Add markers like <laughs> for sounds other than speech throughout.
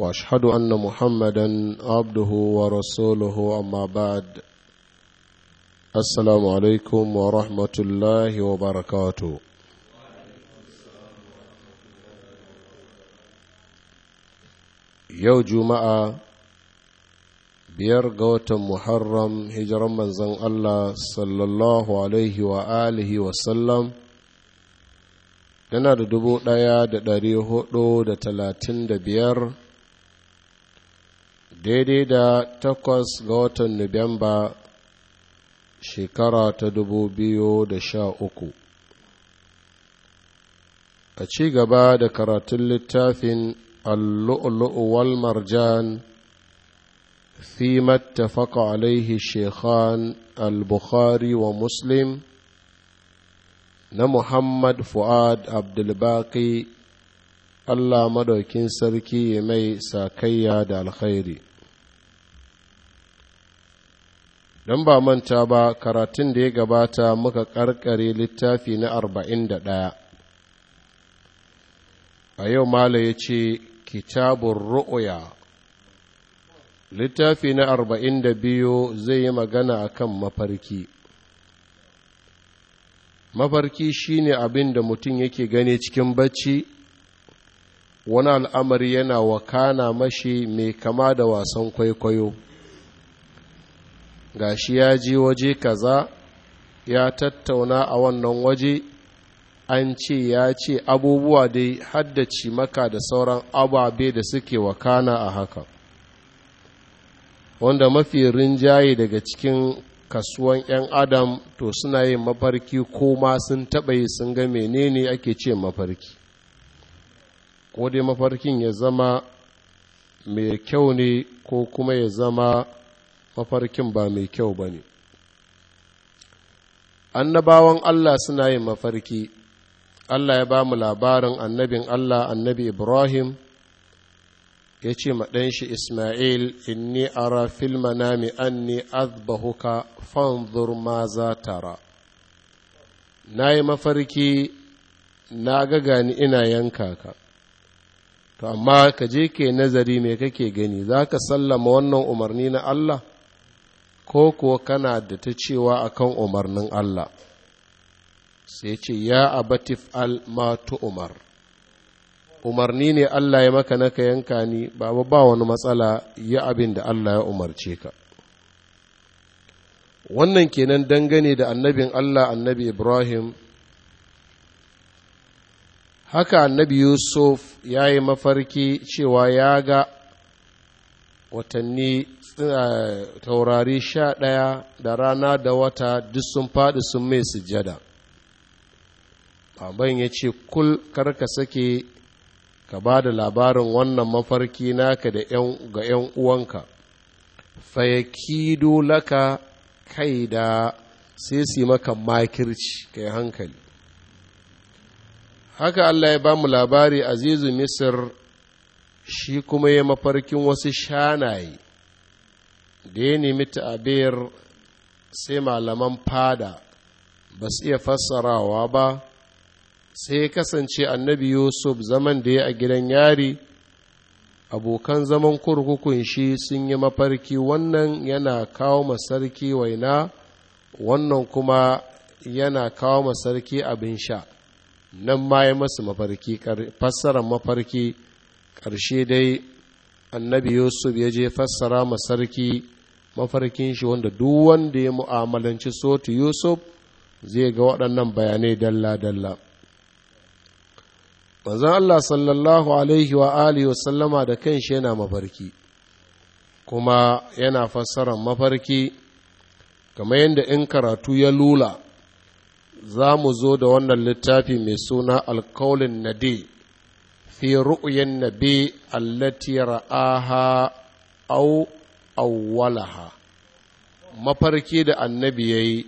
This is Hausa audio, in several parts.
واشهد ان محمدا عبده ورسوله اما بعد السلام عليكم ورحمه الله وبركاته yau juma'a biyar ga watan muharram hijiran manzon allah sallallahu alaihi wa alihi yana da dubu ɗaya da ɗari hudu da talatin da biyar daidai da takwas ga watan Nuwamba shekara ta dubu biyu da sha uku. A ci gaba da karatun littafin Allu'ulu'u wal Marjan fi mattafaka alaihi Shekhan al-Bukhari wa Muslim na Muhammad Fu'ad Abdulbaki Allah madaukin sarki mai sakayya da alkhairi. don ba manta ba karatun da ya gabata muka karkare littafi na arba'in da ɗaya a yau mala ya ce kitabun ru'uya littafi na arba'in da biyu zai yi magana akan mafarki mafarki shine abin da mutum yake gani cikin bacci wani al'amari yana wakana mashi mai kama da wasan kwaikwayo gashi ya je waje kaza ya tattauna a wannan waje an ce ya ce abubuwa dai haddace maka da sauran ababe da suke wakana a haka wanda mafi rinjaye daga cikin kasuwan 'yan adam to suna yin mafarki ko ma sun taɓa yi sun ga menene ake ce mafarki ko dai mafarkin ya zama mai kyau ne ko kuma ya zama mafarkin ba mai kyau ba ne annabawan Allah suna yin mafarki Allah ya ba mu labarin annabin Allah annabi Ibrahim ya ce ma shi Ismail inni ara fil manami anni azbahuka fanzur ma za tara na yi mafarki na ga gani ina yanka ka to amma ka je ke nazari me kake gani za ka sallama wannan umarni na Allah ko kuwa kana da ta cewa akan umarnin Allah sai ce ya abatif al matu umar umarni ne Allah ya maka naka yanka ni ba ba wani matsala ya abin da Allah ya umarce ka wannan kenan dangane da annabin Allah annabi Ibrahim haka annabi Yusuf ya yi mafarki cewa ya ga watanni taurari sha ɗaya da rana da wata duk sun faɗi sun mai sujada baban ya ce kul karka sake ka ba da labarin wannan mafarki naka da ga 'yan uwanka fayakido laka kai da sai su maka makirci kai hankali haka Allah ya ba mu labari azizu misir shi kuma ya mafarkin wasu shanaye da ya nemi ta'abir sai malaman fada ba su iya fassarawa ba sai kasance annabi yusuf zaman da ya a gidan yari abokan zaman kurkukun shi sun yi mafarki wannan yana kawo masarki waina wannan kuma yana kawo masarki abin sha nan ma ya masu mafarki fassarar mafarki ƙarshe dai annabi yusuf ya je fassara ma sarki mafarkin shi wanda duk wanda ya mu'amalanci sotu yusuf zai ga waɗannan bayanai dalla-dalla manzan allah sallallahu alaihi wa alihi sallama da kan shi yana mafarki kuma yana fassarar mafarki kamar yadda in karatu ya lula za mu zo da wannan littafi mai suna alkaulin nadi fi ru'yan nabi allati ra'aha aw awwalaha mafarki da annabi yayi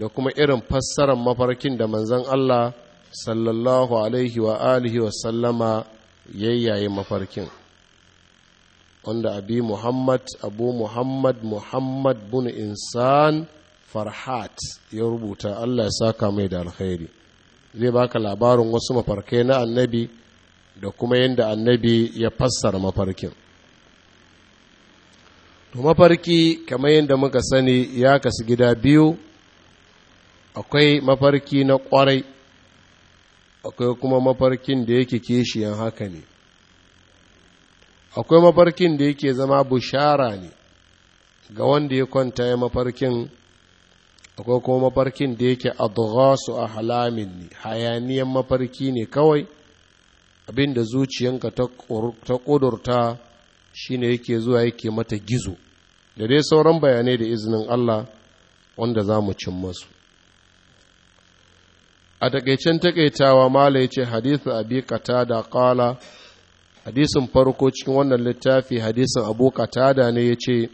da kuma irin fassarar mafarkin da manzon Allah sallallahu alaihi wa alihi wa sallama yayyaye mafarkin wanda abi muhammad abu muhammad muhammad bin insan farhat ya rubuta allah ya saka mai da alkhairi zai baka labarin wasu mafarkai na annabi da kuma yadda annabi ya fassara mafarkin to mafarki kamar yadda muka sani ya kasu gida biyu akwai mafarki na kwarai akwai kuma mafarkin da yake kishiyan haka ne akwai mafarkin da yake zama bushara ne ga wanda ya kwanta ya mafarkin akwai kuma mafarkin da yake su a halamin ne hayaniyan mafarki ne kawai abin da zuciyanka ta ƙudurta ne yake zuwa yake mata gizo da dai sauran bayanai da izinin Allah wanda za mu cin masu a taƙaicen taƙaitawa, mala ya ce hadisu abi da kala hadisin farko cikin wannan littafi hadisin abu katada ne ya ce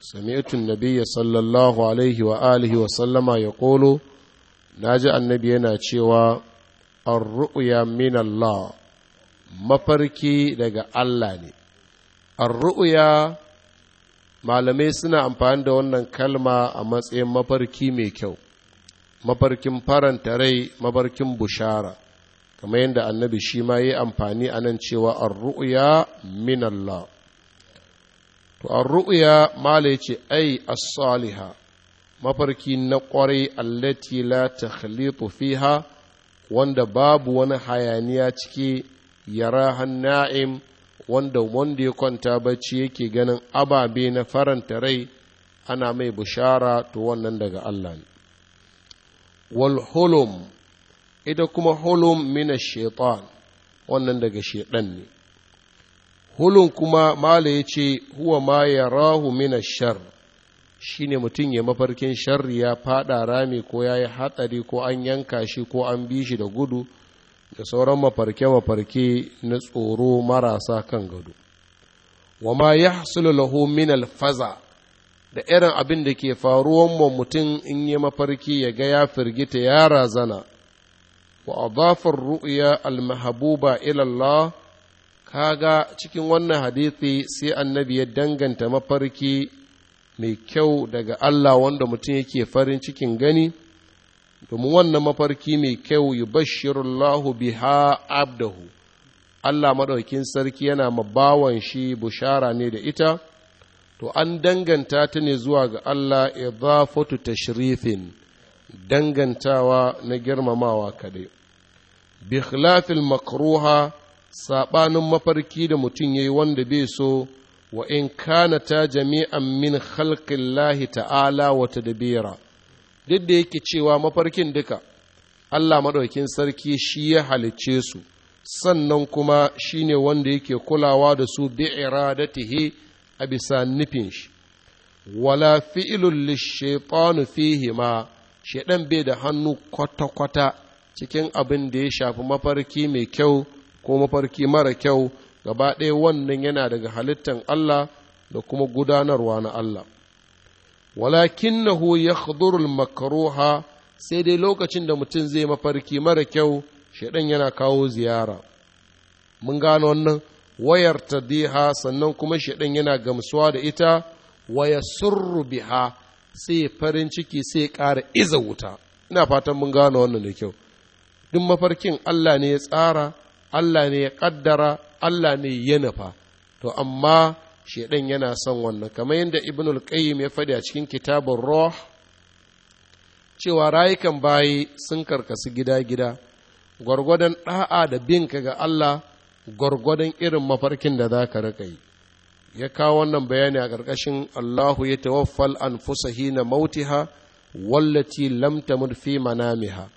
sami'atun nabiyya sallallahu alaihi wa alihi wa sallama ya kolo na ji annabi yana cewa an ru'uya min mafarki daga Allah ne ruya malamai suna amfani da wannan kalma a matsayin mafarki mai kyau mafarkin faranta rai mafarkin bushara kamar yadda annabi shi ma yi amfani a nan cewa arru'ya min Allah to arru'ya mala ya ce ai as-saliha mafarki na ƙwarai allati la takhlitu fiha wanda babu wani hayaniya ciki yara na'im wanda wanda ya kwanta bacci yake ganin ababe na faranta rai ana mai bushara to wannan daga Allah ne wal hulum ita kuma hulum mina shaitan wannan daga shaitan ne hulun kuma mala ya ce huwa ma ya rahu mina shar shi ne mutum ya mafarkin sharri ya fada rami ko ya yi hatsari ko an yanka shi ko an bi shi da gudu da sauran mafarke-mafarke na tsoro marasa kan gado wa ma ya lahu min alfaza da irin abin da ke faruwan wa mutum in yi mafarki ya ga ya firgita ya razana wa adafar ru'ya almahabuba ilallah kaga cikin wannan hadithi sai annabi ya danganta mafarki mai kyau daga Allah wanda mutum yake farin cikin gani domin wannan mafarki mai kyau yi bashirullahu biha abdahu Allah maɗaukin sarki yana mabawan shi bushara ne da ita to an danganta ta ne zuwa ga Allah idafatu tashrifin dangantawa na girmamawa kaɗai bi khilafil makruha saɓanin mafarki da mutum ya yi wanda bai so wa in kana ta jami'an min khalqillahi ta'ala wa tadbira duk da yake cewa mafarkin duka Allah maɗaukin sarki shi ya halicce su sannan kuma shi ne wanda yake kulawa da su bi iradatihi a bisa nufin shi wala fi'ilun lishaitanu fihi ma shaidan bai da hannu kwata-kwata cikin abin da ya shafi mafarki mai kyau ko mafarki mara kyau gaba ɗaya wannan yana daga halittan Allah da kuma gudanarwa na Allah walakinnahu yakhdhuru al sai dai lokacin da mutum zai mafarki mara kyau shaidan yana kawo ziyara mun gano wannan wayar tadiha sannan kuma shaidan yana gamsuwa da ita waya surru biha sai farin ciki sai ƙara iza wuta ina fatan mun gano wannan da kyau duk mafarkin Allah ne ya tsara Allah ne ya ƙaddara Allah ne ya nufa to amma shedan yana son wannan kamar yadda ibn al-qayyim ya faɗi a cikin kitabun ruh cewa rayukan bayi sun karkasu gida-gida gwargwadon ɗa'a da binka ga Allah gwargwadon irin mafarkin da za ka rika yi ya kawo wannan bayani a ƙarƙashin Allahu ya tawaffal anfusahi na mautiha wallati lam tamud fi manamiha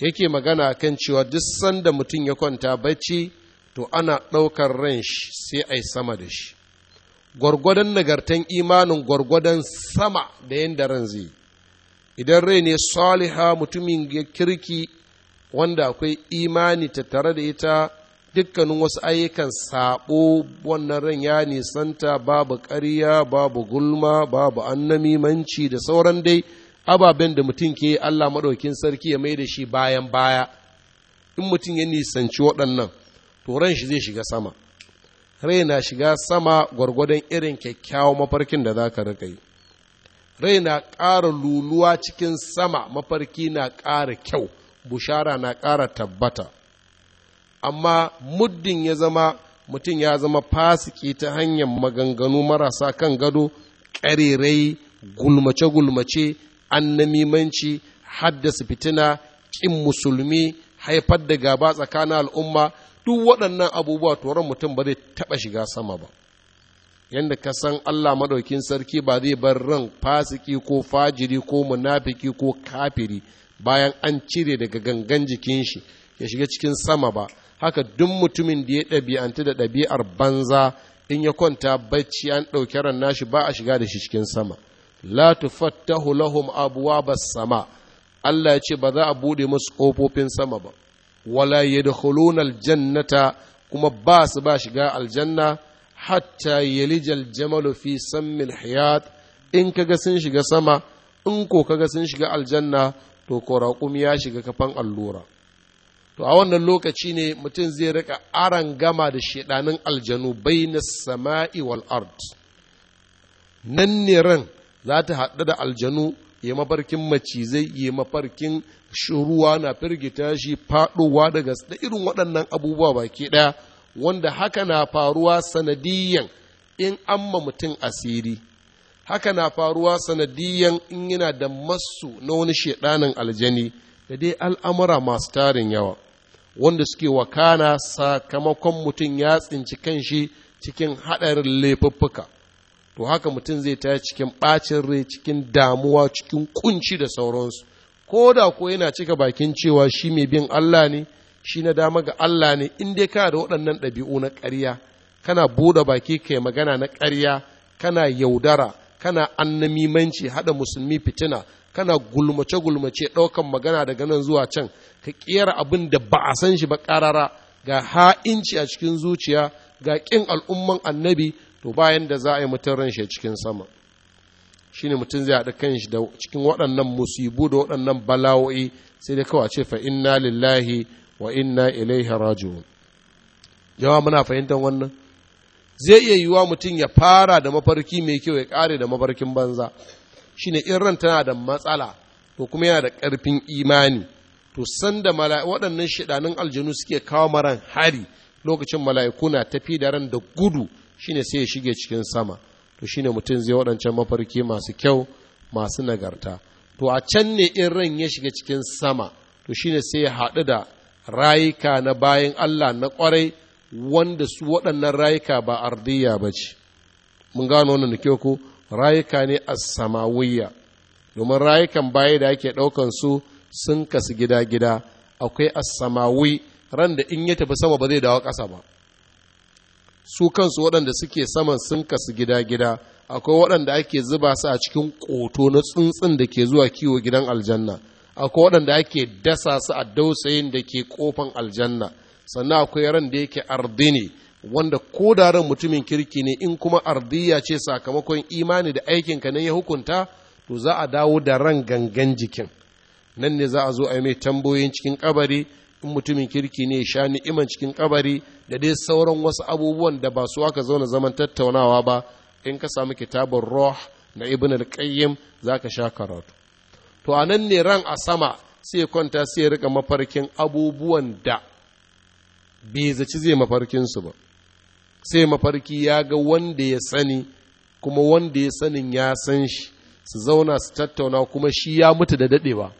yake magana kan cewa duk sanda mutum ya kwanta bacci to ana ɗaukar ran shi sai ai sama da shi gwargwadon nagartan imanin gwargwadon sama da yadda ran zai idan rai ne saliha mutumin kirki wanda akwai imani tare da ita dukkanin wasu ayyukan saɓo wannan ran ya nisanta babu ƙarya babu gulma babu annamimanci da sauran dai ababen da mutum ke Allah maɗaukin sarki ya mai da shi bayan baya in mutum ya nisanci waɗannan to ran shi zai shiga sama rai na shiga sama gwargwadon irin kyakkyawan mafarkin da za ka riƙa yi rai na ƙara luluwa cikin sama mafarki na ƙara kyau bushara na ƙara tabbata amma muddin ya zama mutum ya zama fasiki ta hanyar maganganu marasa kan gado ƙarerai gulmace-gulmace annamimanci haddasa fitina ƙin musulmi haifar da gaba tsakanin al'umma duk waɗannan abubuwa turan mutum ba zai taɓa shiga sama ba yadda ka san Allah maɗaukin sarki ba zai bar ran fasiki ko fajiri ko munafiki ko kafiri bayan an cire daga gangan jikin shi ya shiga cikin sama ba haka duk mutumin da ya ɗabi'anta da ɗabi'ar banza in ya kwanta bacci an ɗauki ran nashi ba a shiga da shi cikin sama la tufattahu lahum ba sama Allah ya ce ba za a buɗe musu ƙofofin sama ba wala yadkhuluna aljannata kuma ba su ba shiga aljanna hatta yalijal jamalu fi sammil Hayat in kaga sun shiga sama in ko kaga sun shiga aljanna to koraƙum ya shiga kafan allura to a wannan lokaci ne mutum zai rika aran gama da shedanin aljanu baina sama'i wal art nan ne ran za ta haɗu da aljanu ya mafarkin macizai ya mafarkin shuruwa na firgita shi faɗowa daga da irin waɗannan abubuwa baki ɗaya wanda haka na faruwa sanadiyyan in amma mutum asiri haka na faruwa sanadiyyan in yana da masu na wani shaɗanin aljani da dai al'amura masu tarin yawa wanda suke wakana sakamakon mutum ya tsinci kan shi cikin haɗarin laifuffuka to haka mutum zai ta cikin ɓacin rai cikin damuwa cikin kunci da sauransu ko da ko yana cika bakin cewa shi mai bin Allah ne shi na dama ga Allah ne in dai kana da waɗannan ɗabi'u na ƙarya kana buɗe baki kai magana na ƙarya kana yaudara kana annamimanci haɗa musulmi fitina kana gulmace gulmace ɗaukan magana daga nan zuwa can ka ƙera abin da ba a san shi ba ƙarara ga ha'inci a cikin zuciya ga ƙin al'umman annabi to bayan da za a yi mutum ran shi cikin sama shine mutum zai haɗa shi da cikin waɗannan musibu da waɗannan bala'o'i sai dai kawai ce fa inna lillahi wa inna ilaihi raji'un yawa muna fahimtar wannan zai iya yiwuwa mutum ya fara da mafarki mai kyau ya ƙare da mafarkin banza shine in ran tana da matsala to kuma yana da ƙarfin imani to san da waɗannan shiɗanun aljanu suke kawo maran hari lokacin mala'iku na tafi da ran da gudu shine sai ya shige cikin sama to shine mutum zai waɗancan mafarki masu kyau masu nagarta to a can ne in ran ya shiga cikin sama to shine sai ya haɗu da rayuka na bayan Allah na ƙwarai wanda su waɗannan rayuka ba ardiya ba ce mun gano wannan da ku rayuka ne a samawiyya domin rayukan baya da ake ɗaukan su sun kasu gida-gida akwai a samawi ran da in ya tafi sama ba zai dawo ƙasa ba su kansu waɗanda suke saman sun kasu gida-gida akwai waɗanda ake zuba su a cikin ƙoto na tsuntsun da ke zuwa kiwo gidan aljanna akwai waɗanda ake dasa su a dausayin da ke ƙofan aljanna sannan akwai ran da yake ardi ne wanda ko da ran mutumin kirki ne in kuma ardiya ce sakamakon imani da aikinka nan ya hukunta to za a dawo da ran gangan jikin nan ne za a zo a yi mai tambayoyin cikin kabari in mutumin kirki ne sha ni'iman cikin kabari da dai sauran wasu abubuwan da ba su aka zauna zaman tattaunawa ba in ka samu kitabun roh na ibn al-qayyim zaka sha karatu to anan ne ran a sama sai kwanta sai ya rika mafarkin abubuwan da bai zaci zai mafarkin su ba sai mafarki ya ga wanda ya sani kuma wanda ya sanin ya san shi su zauna su tattauna kuma shi ya mutu da dadewa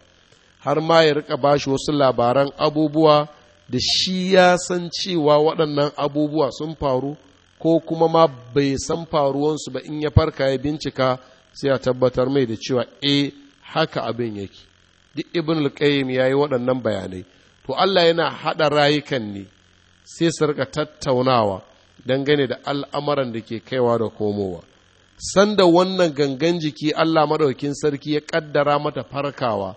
har ma ya rika bashi wasu labaran abubuwa da shi ya san cewa waɗannan abubuwa sun faru ko kuma ma bai san faruwansu ba in ya farka ya bincika sai a tabbatar mai da cewa e haka abin yake duk ibn al ya yi waɗannan bayanai to Allah yana haɗa rayukan ne sai su rika tattaunawa dangane da al'amuran da ke kaiwa da komowa sanda wannan gangan jiki Allah maɗaukin sarki ya ƙaddara mata farkawa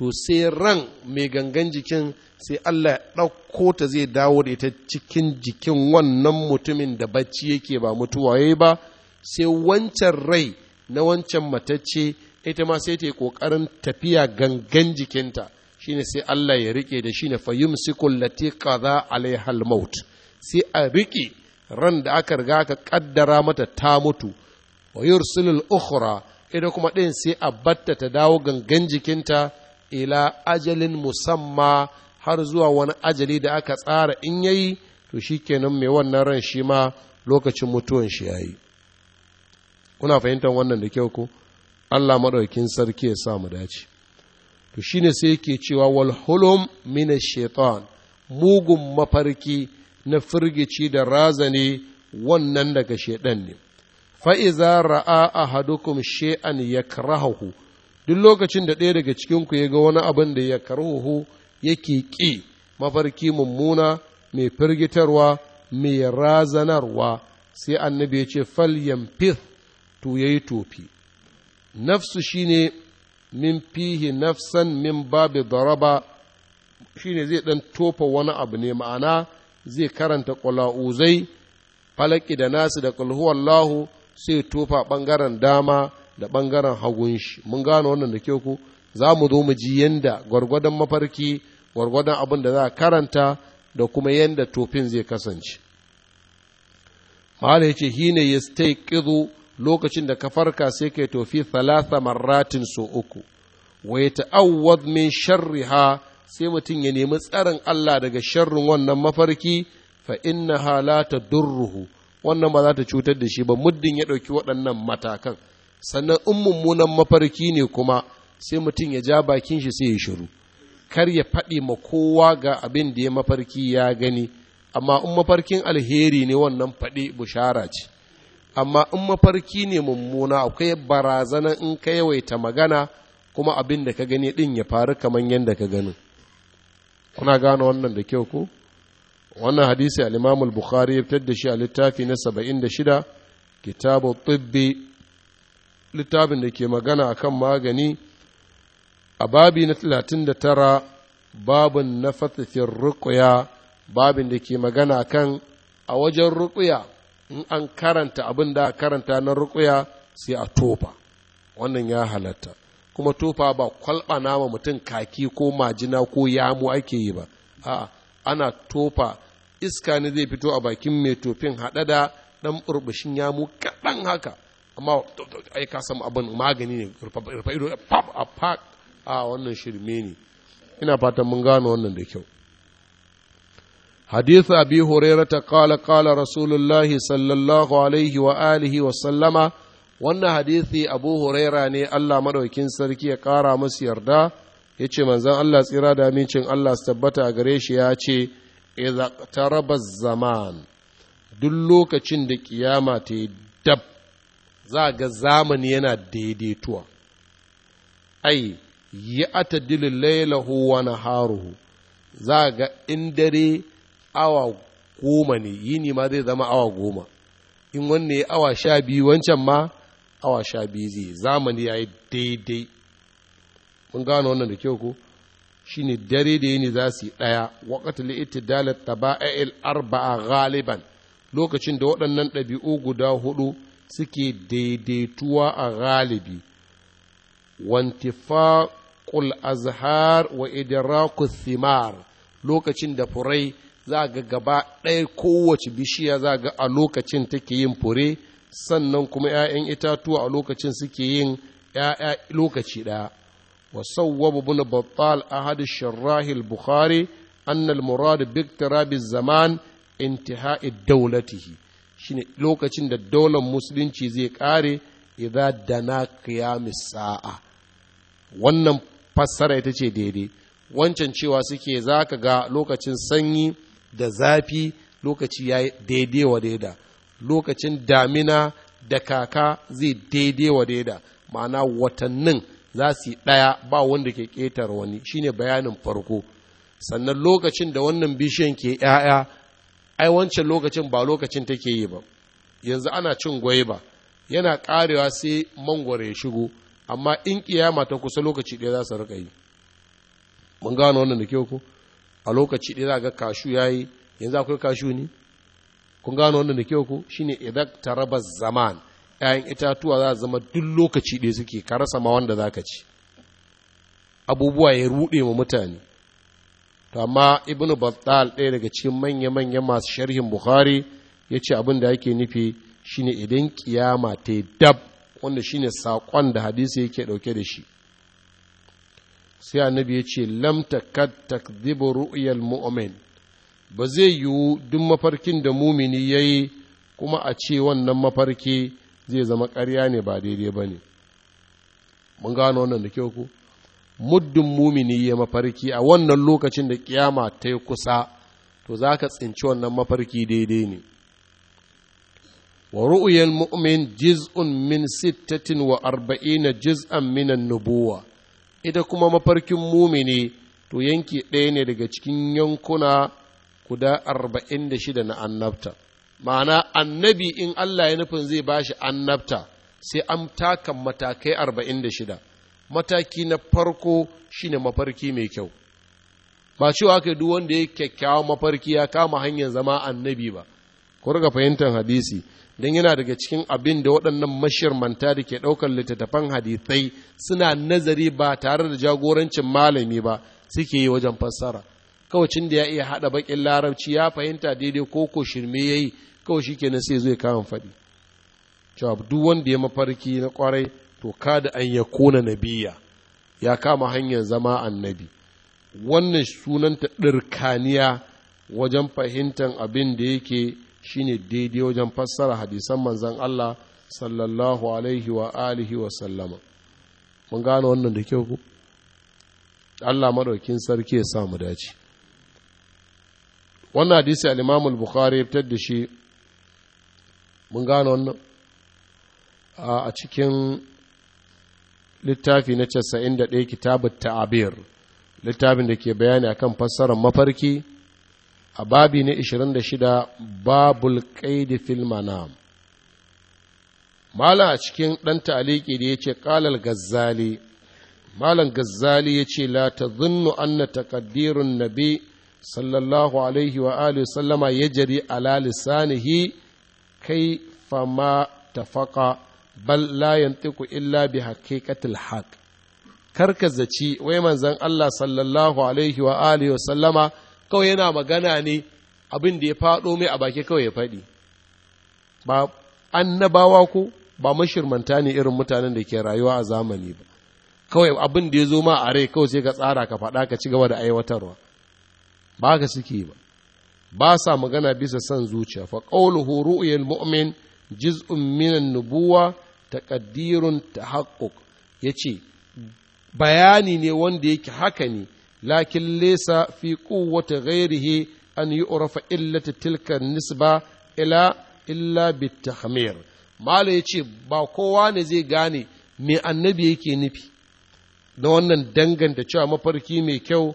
to sai ran mai gangan jikin sai Allah ya ɗauko ta zai dawo da ita cikin jikin wannan mutumin da bacci yake ba mutuwa yayi ba sai wancan rai na wancan matacce ita ma sai ta yi ƙoƙarin tafiya gangan jikinta shine sai Allah ya rike da shi shine fayumsikul lati qada alaiha halmaut sai a rike ran da aka riga aka kaddara mata ta mutu wa yursilul ukhra ita kuma ɗin sai a batta ta dawo gangan jikinta ila ajalin musamma har zuwa wani ajali da aka tsara in yayi to shi mai wannan ran shi ma lokacin mutuwan shi ya kuna fahimtar wannan da kyau ko allah maɗaukin sarki ya sa mu dace to shine sai yake cewa wal hulum mina shaitan mugun mafarki na firgici da razani wannan daga shedan ne fa'iza ra'a ahadukum shay'an yakrahuhu duk lokacin da ɗaya daga cikinku ya ga wani abin da ya karhuhu yake ƙi mafarki mummuna mai firgitarwa mai razanarwa sai annabi ya ce fal yamfith to yi tofi nafsu shi ne min fihi nafsan min babi daraba ne zai dan tofa wani abu ne ma'ana zai karanta ƙula'uzai falaki da nasu da kulhuwallahu sai tofa ɓangaren dama da ɓangaren hagun shi mun gano wannan da ke ku za mu zo mu ji yanda gwargwadon mafarki gwargwadon abin da za a karanta da kuma yanda tofin zai kasance mahala ya ce ne ya stay lokacin da ka farka sai kai tofi thalatha marratin so uku wai ya ta'awwad min sharriha sai mutum ya nemi tsarin Allah daga sharrin wannan mafarki fa inna la durruhu wannan ba za ta cutar da shi ba muddin ya ɗauki waɗannan matakan sannan in mummunan mafarki ne kuma sai mutum ya ja bakin shi sai ya shiru kar ya faɗi ma kowa ga abin da ya mafarki ya gani amma in mafarkin alheri ne wannan faɗi bushara ce amma in mafarki ne mummuna akwai barazana in ka yawaita magana kuma abin da ka gani ɗin ya faru kamar yadda ka gani kuna gane wannan da kyau ko wannan hadisi al bukhari ya fitar da shi a littafi na 76 kitabu tibbi littafin da ke magana a kan magani a babi na talatin da tara babin na fatashin rukuya babin da ke magana kan a wajen rukuya in an karanta abin da karanta na rukuya sai a tofa wannan ya halatta kuma tofa ba kwalba nama mutum kaki ko majina ko yamu ake yi ba a'a ana tofa iska ne zai fito a bakin mai tofin haɗe da ɗan burbushin yamu kaɗan haka amma ai ka san abin magani ne rufa ido pap a pak a wannan shirme ne ina fatan mun gano wannan da kyau hadith abi hurairata kala-kala rasulullahi sallallahu alaihi wa alihi wa sallama wannan hadithi abu huraira ne Allah madaukin sarki ya kara masa yarda ya yace manzon Allah tsira da amincin Allah su tabbata a gare shi ya ce idza taraba zaman duk lokacin da ƙiyama ta yi za ga zamani yana daidaituwa ai yi laila lailahu wa naharuhu za ga in dare awa goma ne yini ma zai zama awa goma in wanne ya awa sha biyu wancan ma awa sha biyu zai zamani ya yi daidai mun gano wannan da kyau ko shi ne dare da yini za su yi ɗaya waƙatul itidalat taba'il arba'a galiban lokacin da waɗannan ɗabi'u guda hudu suke daidaituwa a galibi faƙul azhar wa idraku thimar lokacin da furai za ga gaba ɗaya kowace bishiya za ga a lokacin take yin fure sannan kuma 'ya'yan itatuwa a lokacin suke yin 'ya'ya lokaci ɗaya وصوب ابن بطال أحد murad البخاري أن المراد Zaman, intiha'i انتهاء daulatihi. shine lokacin da daular musulunci zai kare idan dana na sa'a wannan fassara ita ce daidai wancan cewa suke zaka ga lokacin sanyi da zafi lokaci ya daidai wa daida lokacin damina da kaka zai daidai wa daida ma'ana watannin za su yi ɗaya ba wanda ke ƙetar wani shine bayanin farko sannan lokacin da wannan bishiyan ke ‘ya'ya ai wancan lokacin ba lokacin take yi ba yanzu ana cin gwaiba yana karewa sai mangwaro ya shigo amma in kiyama ta kusa lokaci ɗaya za su rika yi mun gano wannan da kyau ko a lokaci ɗaya za ga kashu ya yi yanzu akwai kashu ne kun gano wannan da kyau ko shine idan ta taraba zaman ‘ya'yan itatuwa za zama duk lokaci ɗaya suke ka rasa ma wanda za ka ci abubuwa ya ruɗe ma mutane to amma ibnu battal ɗaya daga cikin manya-manya masu sharhin bukhari ya ce abin da yake nufi shine idan kiyama ta dab wanda shine saƙon da hadisi yake ɗauke da shi sai annabi ya ce lamta takad takdhibu ru'yal mu'min ba zai yiwu duk mafarkin da mumini yi kuma a ce wannan mafarki zai zama ƙarya ne ba daidai ba ne mun gano wannan da kyau ku muddin mumini ya mafarki a wannan lokacin da kiyama ta yi kusa to za ka tsinci wannan mafarki daidai ne wa ru'uyan mu'min jiz'un min sittatin wa arba'ina jiz'an minan nubuwa ita kuma mafarkin mumini to yanki ɗaya ne daga cikin yankuna guda arba'in da shida na annabta ma'ana annabi in Allah ya nufin zai ba bashi annabta sai an taka matakai arba'in da shida mataki na farko shine mafarki mai kyau ba cewa aka duk wanda ya kyakkyawa mafarki ya kama hanyar zama annabi ba ku riga fahimtar hadisi don yana daga cikin abin da waɗannan manta da ke ɗaukar littattafan hadisai suna nazari ba tare da jagorancin malami ba suke yi wajen fassara kawacin da ya iya haɗa baƙin larabci ya fahimta daidai ko ko shirme ya yi kawai shi kenan sai zai kawon faɗi cewa duk wanda ya mafarki na kwarai. to kada an ya kona nabiya ya kama hanyar zama annabi wannan sunanta ɗirkaniya wajen fahimtar abin da yake shine daidai wajen fassara hadisan manzan Allah sallallahu alaihi wa alihi wa sallama mun gane wannan da kyau ku Allah madaukin sarki ya samu dace wannan hadisi al-Imam al-Bukhari ya fitar da shi mun gane wannan a cikin littafi na ɗaya kitabut ta'abir littafin da ke bayani a kan fassarar mafarki a babi na 26 babul ƙaidi filma na. mala a cikin ɗan ta'aliki da yace ƙalar gazzali malam gazzali yace la an anna taqdirun nabi sallallahu alaihi wa alihi sallama jari ala lisanihi kai fama faƙa. bal la yantiqu illa bi haqiqatil haq ka zaci wai manzon Allah sallallahu alaihi wa alihi wa sallama kawai yana magana ne abin da ya fado mai a baki kawai ya faɗi ba annabawa ko ba mashirmanta ne irin mutanen da ke rayuwa a zamani ba kawai abin da ya zo ma a rai kawai sai ka tsara ka faɗa ka ci gaba da aiwatarwa ba ka suke ba ba sa magana bisa son zuciya fa qawluhu ru'yul mu'min juz'un minan nubuwah nubuwa taqaddirun tahaqquq yace bayani ne wanda yake haka ne lakin laysa fi quwwati ghairihi an yu'rafa illata tilka nisba ila illa bitahmir mala yace ba kowa ne zai gane me annabi yake nufi na wannan danganta cewa mafarki mai kyau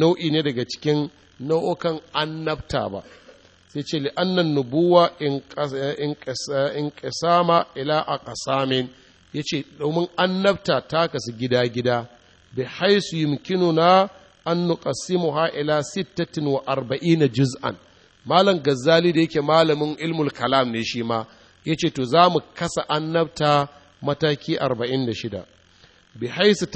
nau'i ne daga cikin nau'ukan annabta ba sai ce li'annan nubuwa in ƙasama ila a kasamin ya ce domin annabta ta kasu gida-gida bi haisu na an ha ila sittatin wa arba'ina juz'an malam gazzali da yake malamin ilmul kalam ne shi ma ya ce to za mu kasa annabta mataki arba'in da shida bi haisu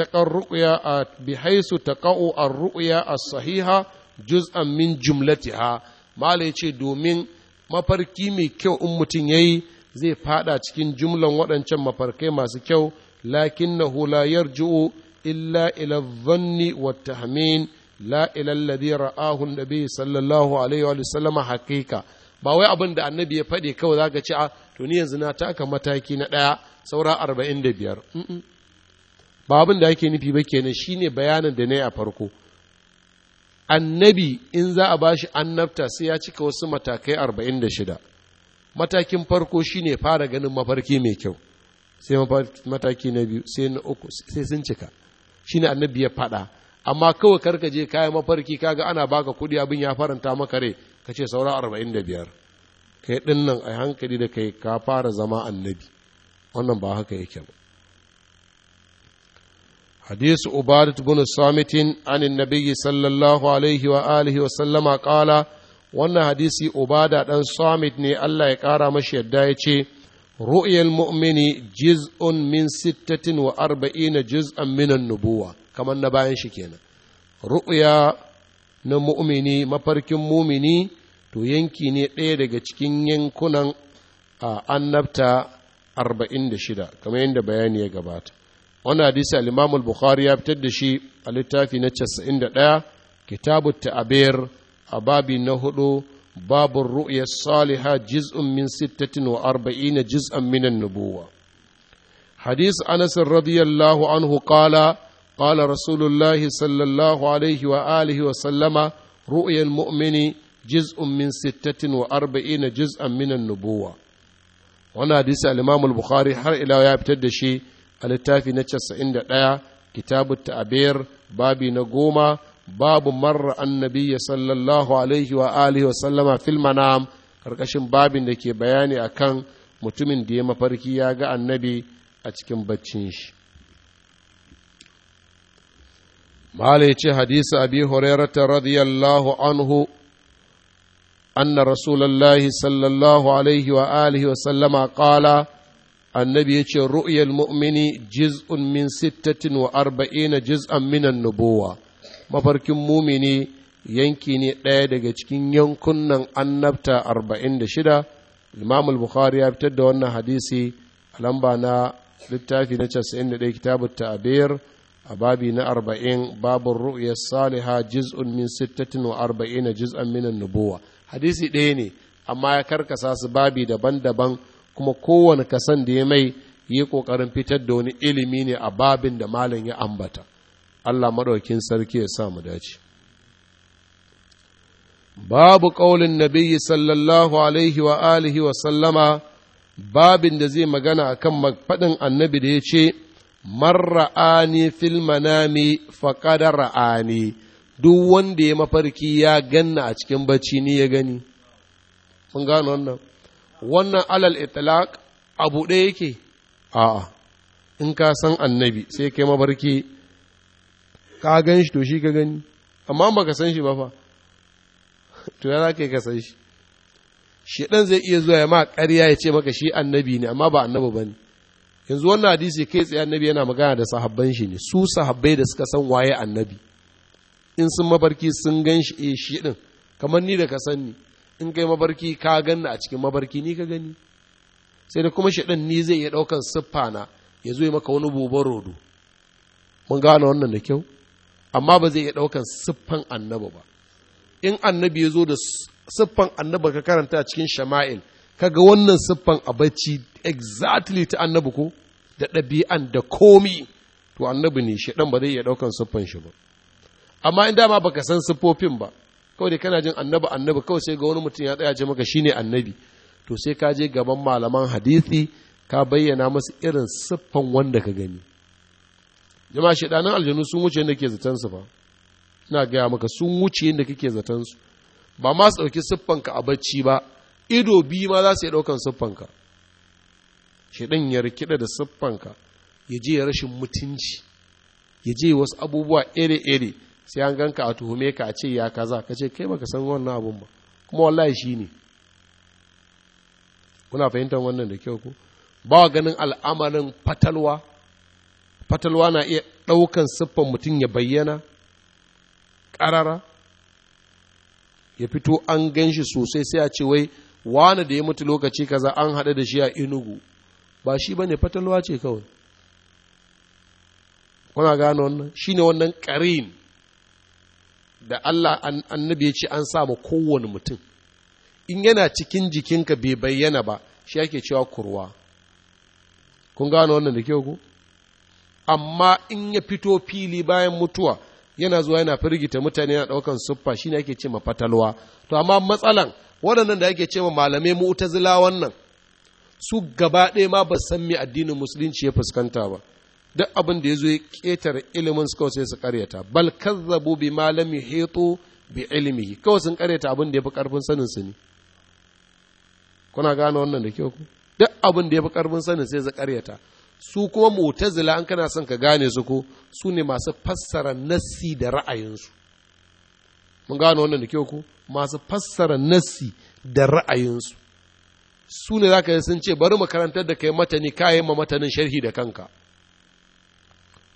taƙa'u a ru'uya a sahiha juz'an min jumlatiha mala ya ce domin mafarki mai kyau in mutum ya yi zai fada cikin jumlan waɗancan mafarkai masu kyau lakin na hula yarji'u illa ila zanni wa tahmin la ila alladhi ra'ahu nabi sallallahu alaihi wa sallama haqiqa ba wai abin da annabi ya faɗi kawai zaka ci a ah, to ni yanzu na taka mataki na ɗaya saura arba'in da biyar ba abin da ake nufi ba kenan shine bayanin da na yi a farko annabi in za a bashi annabta sai ya cika wasu matakai arba'in da shida matakin farko shine fara ganin mafarki mai kyau sai mataki na biyu sai na uku sai sun cika shine annabi ya faɗa amma kawai karka je kayan mafarki kaga ana baka kuɗi abin ya faranta maka rai ka ce saura arba'in da biyar kai yi a hankali da kai ka fara zama annabi wannan ba haka yake ba حديث عبادة بن الصامت عن النبي صلى الله عليه وآله وسلم قال wannan hadisi ubada ɗan samit ne Allah ya ƙara mashi yadda ya ce ru'yal mu'mini juz'un min sittatin wa arba'ina juz'an minan nubuwa kamar na bayan shi kenan ru'ya na mu'mini mafarkin mumini to yanki ne ɗaya daga cikin yankunan a annabta arba'in da shida kamar yadda bayani ya gabata wannan hadisi al-Imam bukhari ya fitar da shi a littafi na 91 Kitabu Ta'bir a babi na hudu babun ru'ya saliha juz'un min 46 juz'an min an-nubuwa Hadis Anas radiyallahu anhu qala qala Rasulullahi sallallahu alaihi wa alihi wa sallama ru'ya al-mu'mini juz'un min 46 juz'an min an-nubuwa Wannan hadisi al-Imam al-Bukhari har ila ya fitar da shi a littafi na casa'in da ɗaya kitabu ta'abir babi na goma babu marar annabi sallallahu alaihi wa alihi wa sallama fil karkashin babin da ke bayani kan mutumin da ya mafarki ya ga annabi a cikin baccin shi mahala ya ce hadisi abi hurairata radiyallahu anhu anna rasulallahi sallallahu alaihi wa sallama annabi ya ce ru'yal mu'mini jiz'un min sittatin wa arba'ina jiz'an minan nubuwa mafarkin mumini yanki ne ɗaya daga cikin yankunan annabta arba'in da shida imam al-bukhari ya fitar da wannan hadisi a lamba na littafi na casa'in da ɗaya kitabu ta'abir a babi na arba'in babin ru'yar saliha jiz'un min sittatin wa arba'ina jiz'an minan nubuwa hadisi ɗaya ne amma ya karkasa su babi daban-daban kuma kowane kasan da ya mai yi kokarin fitar da wani ilimi ne a babin da malin ya ambata Allah maɗaukin sarki ya sa dace babu ƙaulin nabiyyi sallallahu alaihi wa alihi wa sallama babin da zai magana a kan faɗin annabi da ya ce marra'ani fil manami faqad ra'ani duk wanda ya mafarki ya ganna a cikin bacci ni ya gani mun gano wannan wannan alal itlaq abu ɗaya yake a'a in ka san annabi sai kai mabarki ka gan shi to shi ka gani amma ba ka san shi ba fa to yana kai ka san shi shi ɗan zai iya zuwa ya ma ƙarya ya ce maka shi annabi ne amma ba annabi ba ne yanzu wannan hadisi kai tsaye annabi yana magana da sahabban shi ne su sahabbai da suka san waye annabi in sun mabarki sun gan shi eh shi ɗin kamar ni da ka san ni in kai mabarki ka ganna a cikin mabarki ni ka gani sai da kuma shaɗan ni zai iya ɗaukan siffa ya zo maka wani buban rodo mun gane wannan da kyau amma ba zai iya ɗaukan siffan annaba ba in annabi ya zo da siffan annaba ka karanta a cikin shama'il ka ga wannan siffan a bacci exactly ta annabi ko da ɗabi'an da komi to annabi ne shaɗan ba zai iya ɗaukan siffan shi ba amma in dama baka san siffofin ba kawai da kana jin annabi annabi kawai sai ga wani mutum ya tsaya ce maka shine annabi to sai ka je gaban malaman hadisi ka bayyana masu irin siffan wanda ka gani jama'a shedanan aljanu sun wuce yadda ke zaton su fa ina gaya maka sun wuce yadda kake zaton su ba ma su ɗauki siffanka a bacci ba ido biyu ma za su iya ɗaukan siffanka shedan ya rikida da siffanka ya je ya rashin mutunci ya je wasu abubuwa ere-ere sai an ganka a tuhume ka a ce ya kaza ka ce kai baka san wannan abun ba kuma wallahi shi ne kuna fahimtar wannan da kyau ku ba wa ganin al'amarin fatalwa fatalwa na iya ɗaukan siffan mutum ya bayyana ƙarara ya fito an gan shi sosai sai a ce wai wani da ya mutu lokaci kaza an haɗu da shi a inugu ba shi ba ne fatalwa ce kawai kuna gano wannan shi ne wannan ƙarin da Allah annabi ya ce an sa ma kowane mutum in yana cikin jikinka bai bayyana ba shi yake cewa kurwa kun gano wannan da kyau ku amma in ya fito fili bayan mutuwa yana zuwa yana firgita mutane yana ɗaukan siffa shine ake ce ma fatalwa to amma matsalan waɗannan da ake ce ma malamai mu'tazila wannan su gaba ɗaya ma ba san me addinin musulunci ya fuskanta ba duk abin da ya zo ya ƙetare ilimin su kawai sai su ƙaryata bal kazzabu bi malam lam yuhitu bi ilmihi kawai sun ƙaryata abin da ya fi ƙarfin sanin su ne kuna gane wannan da kyau ku duk abin da ya fi ƙarfin sanin sai su ƙaryata su kuma mu'tazila an kana son ka gane su ko su ne masu fassara nassi da ra'ayinsu mun gane wannan da kyau ku masu fassara nassi da ra'ayinsu su ne za ka yi sun ce bari makarantar da kai matani ka yi ma matanin sharhi da kanka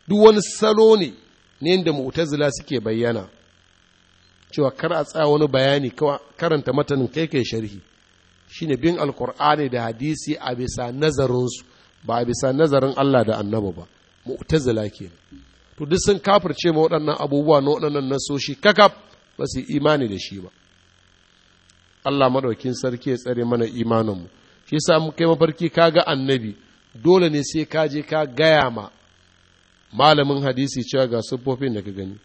duk wani salo ne ne yadda mu'tazila suke bayyana cewa kar a tsaya wani bayani karanta matanin kai kai sharhi shine bin alkur'ani da hadisi a bisa nazarinsu ba a bisa nazarin Allah da annabi ba mu'tazila kenan to duk sun kafirce ma waɗannan abubuwa na waɗannan nasoshi kakaf ba su imani da shi ba Allah madaukin sarki ya tsare mana imaninmu shi sa mu kai mafarki kaga annabi dole ne sai ka je ka gaya ma malamin hadisi cewa ga siffofin da ka gani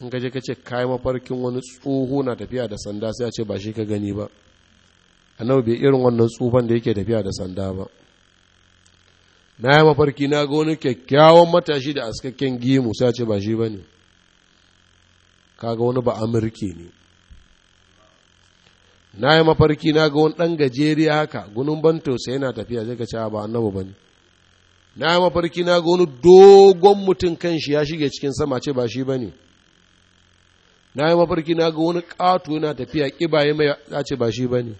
in ka je ka ce kayi mafarkin wani tsoho na tafiya da sanda sai a ce ba shi ka gani ba nau bai irin wannan tsufan da yake tafiya da sanda ba na yi mafarki na ga wani kyakkyawan matashi da askakken gimu sai a ce ba shi ba ne ga wani ba amurki ne na yi mafarki na ga wani ɗan gajeriya haka gunun ban tausayi yana tafiya zai ka ce ba annabu ba ne na mafarki na ga wani dogon mutum kan shi ya shige cikin sama ce ba shi ba ne na yi mafarki na ga wani ƙato yana tafiya ƙibaye mai ya ce ba shi ba ne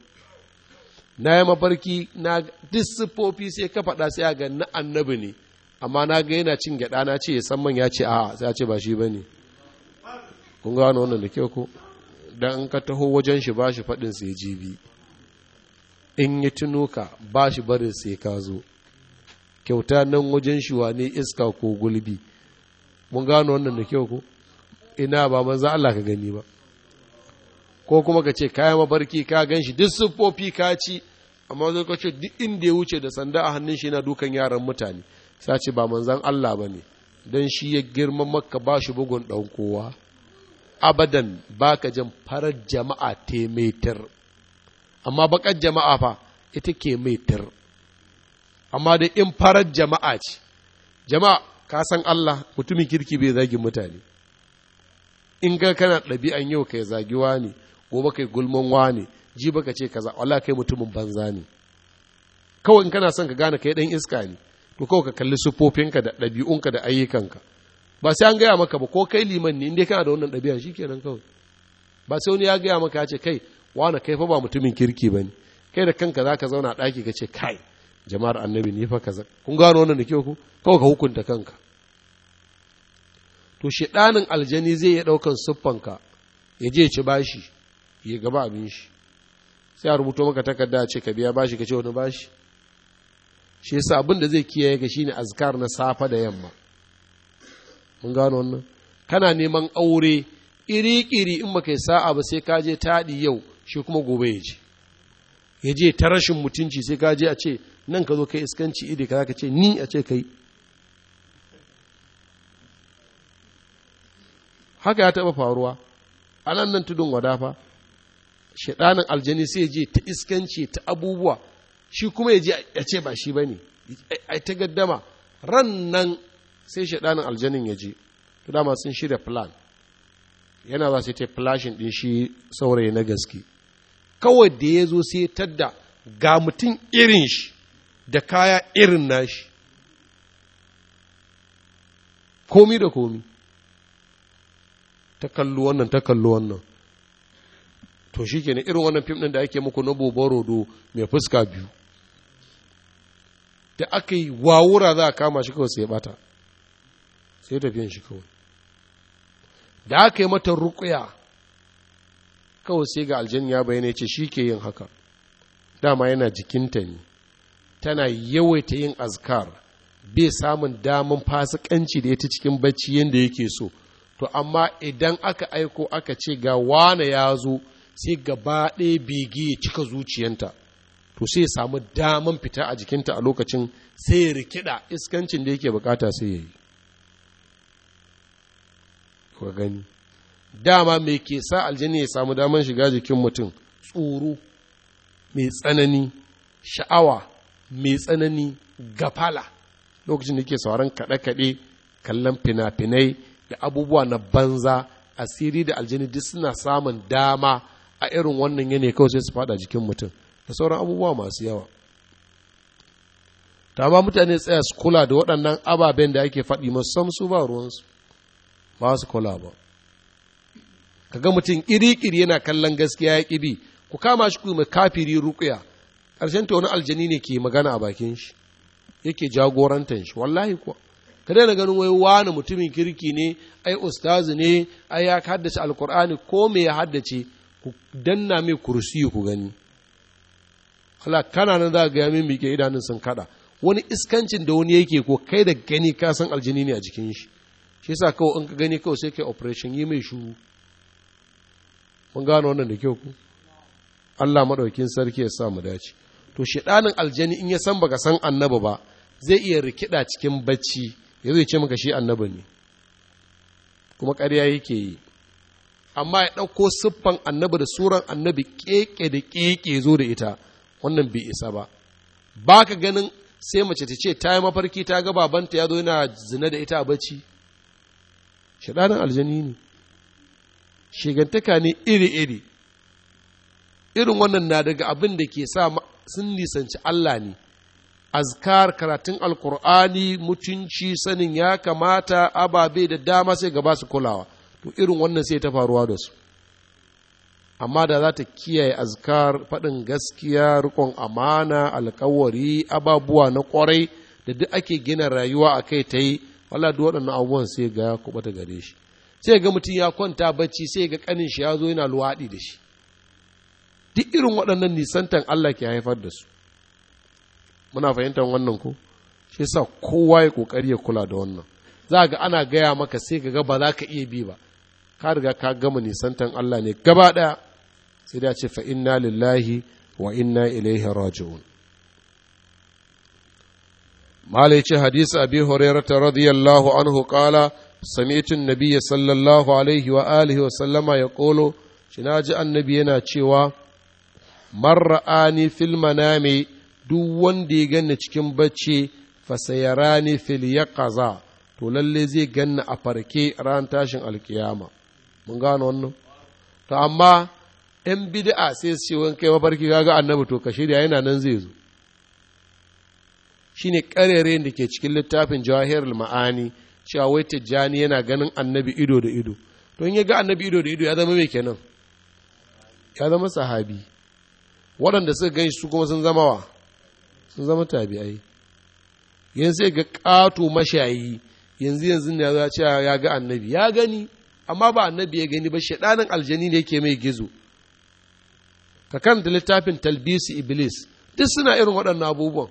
na yi mafarki na disipofi sai ka faɗa sai ga na annabi ne amma na ga yana cin gyaɗa na ce san man ya ce a'a sai ya ce ba shi ba ne kun gano wannan da kyau ko dan in ka taho wajen shi ba shi faɗin sai jibi in yi tunuka ba shi barin sai ka zo kyauta nan wajen shi ne iska ko gulbi mun gano wannan da kyau ko ina ba za Allah ka gani ba ko kuma ka ce kayan mafarki ka gan shi duk siffofi ka ci amma zai ka ce duk inda ya wuce da sanda a hannun shi yana dukan yaran mutane sa ce ba manzan Allah ba ne don shi ya girma maka ba shi bugun ɗan kowa abadan ba ka jan farar jama'a te amma bakar jama'a fa ita ke metar amma da in farar jama'a ce jama'a ka san Allah mutumin kirki bai zagi mutane in ga kana ɗabi'an yau kai zagi ne, gobe kai gulman wani ji baka ce kaza wala kai mutumin banza ne kawai in kana son ka gane kai dan iska ne to kawai ka kalli sufofinka da ɗabi'unka da ayyukanka ba sai an gaya maka ba ko kai liman ne indai kana da wannan ɗabi'a shikenan kawai ba sai wani ya gaya maka ya ce kai wani kai fa ba mutumin kirki ba ne kai da kanka za ka zauna a ɗaki ka ce kai jama'ar annabi ni fa kaza kun gano wannan da kyau ku kawai ka hukunta kanka to shedanin aljani zai iya daukan siffanka ya je ci bashi ya gaba abin shi sai a rubuto maka takarda a ce ka biya bashi ka ce wani bashi shi yasa abin da zai kiyaye ka shine azkar na safa da yamma mun gano wannan kana neman aure iri-iri in baka yi sa'a ba sai ka je taɗi yau shi kuma gobe ya je ya je ta rashin mutunci sai ka je a ce nan ka zo kai iskanci iri ka ka ce ni a ce kai haka ya taɓa faruwa a nan nan tudun wadafa shaɗanin aljani sai je ta iskanci ta abubuwa shi kuma ya je ya ce ba shi ba ne a ta gaddama ran nan sai shaɗanin aljanin ya je ta dama sun shirya plan yana za sai ta flashin ɗin shi saurayi na gaske kawai da ya zo sai tadda ga mutum irin shi da kaya irin nashi komi da komi ta kallo wannan ta kallo wannan to shi kenan irin wannan fim ɗin da ake muku na rodo mai fuska biyu da aka yi wawura za a kama shi kawai sai bata sai tafiyan shi kawai da aka yi mata rukuya kawai sai ga aljan ya bayyana ce shi ke yin haka dama yana jikinta ne tana yawaita yin azkar bai samun daman fasikanci da ya ta cikin bacci yadda yake so to amma idan aka aiko aka ce ga wane ya zo sai gaba ɗaya bege ya cika zuciyanta to sai samu daman fita a jikinta a lokacin sai rikida iskancin da yake bukata sai ya yi gani dama mai ke sa aljini ya samu daman shiga jikin mutum tsoro mai tsanani sha'awa mai tsanani ga fala lokacin da ke sauran kaɗe-kaɗe kallon fina-finai da abubuwa na banza asiri da aljini duk suna samun dama a irin wannan yane kawai sai su fada jikin mutum da sauran abubuwa masu yawa ta ba mutane tsaya su kula da waɗannan ababen da ake faɗi musam su ba ruwansu ba su kula ba kaga mutum ƙiri-ƙiri yana kallon gaskiya ya ƙibi ku kama shi kuma kafiri rukuya ƙarshen ta wani aljani ne ke magana a bakin shi yake jagorantar shi wallahi kuwa ka daina ganin wai wani mutumin kirki ne ai ustazu ne ai ya haddace alkur'ani ko me ya haddace ku danna mai kursi ku gani Allah kana nan za ga ya min miƙe idanun sun kada wani iskancin da wani yake ko kai da gani ka san aljini ne a jikin shi shi yasa kawai in ka gani kawai sai kai operation yi mai shuru mun gano wannan da kyau ku Allah maɗaukin sarki ya sa mu dace to shiɗanin aljani in ya san baka san annabi ba zai iya rikida cikin bacci ya zai ce maka shi annabi ne kuma ƙarya yake yi amma ya ɗauko siffan annabi da suran annabi keke da keke zo da ita wannan bai isa ba ba ka ganin sai mace ta ce ta yi mafarki ta ga babanta ya zo yana zina da ita a bacci shaɗanin aljani ne shigantaka ne iri-iri irin wannan na daga abin da ke sa sun nisanci Allah ne azkar karatun alkur'ani mutunci sanin ya kamata ababe da dama sai gaba su kulawa to irin wannan sai ta faruwa da su amma da za ta kiyaye azkar faɗin gaskiya rikon amana alkawari ababuwa na ƙwarai da duk ake gina rayuwa a kai ta yi wala duk waɗannan abubuwan sai ga kuɓata gare shi sai ga mutum ya kwanta bacci sai ga ƙanin shi ya zo yana luwaɗi da shi duk irin waɗannan nisantan Allah ke haifar da su muna fahimtar wannan ko shi sa kowa ya kokari ya kula da wannan za ga ana gaya maka sai ka ga ba za ka iya bi ba ka riga ka gama nisantan Allah ne gaba ɗaya sai da ce fa inna lillahi wa inna ilaihi raji'un malai ce hadisi abi hurairata radiyallahu anhu qala sami'tu an-nabiyya sallallahu alaihi wa alihi wa sallama yaqulu shi naji annabi yana cewa marra'ani fil manami duk wanda ya ganna cikin bacci fasayarani fil yaqaza to lalle zai ganna a farke ran tashin alkiyama mun gano wannan to amma yan bid'a sai su ce wani kai mafarki kaga annabi to ka shirya yana nan zai zo shine karere da ke cikin littafin jawahirul ma'ani cewa wai tijjani yana ganin annabi ido da ido to in ya ga annabi ido da ido ya zama mai kenan ya zama sahabi waɗanda suka gan su kuma sun zama wa sun zama tabi'ai yanzu sai ga ƙato mashayi yanzu yanzu ne ya ce ya ga annabi ya gani amma ba annabi ya gani ba shaɗanin aljani ne ke mai gizo ka da littafin talbisi iblis duk suna irin waɗannan abubuwan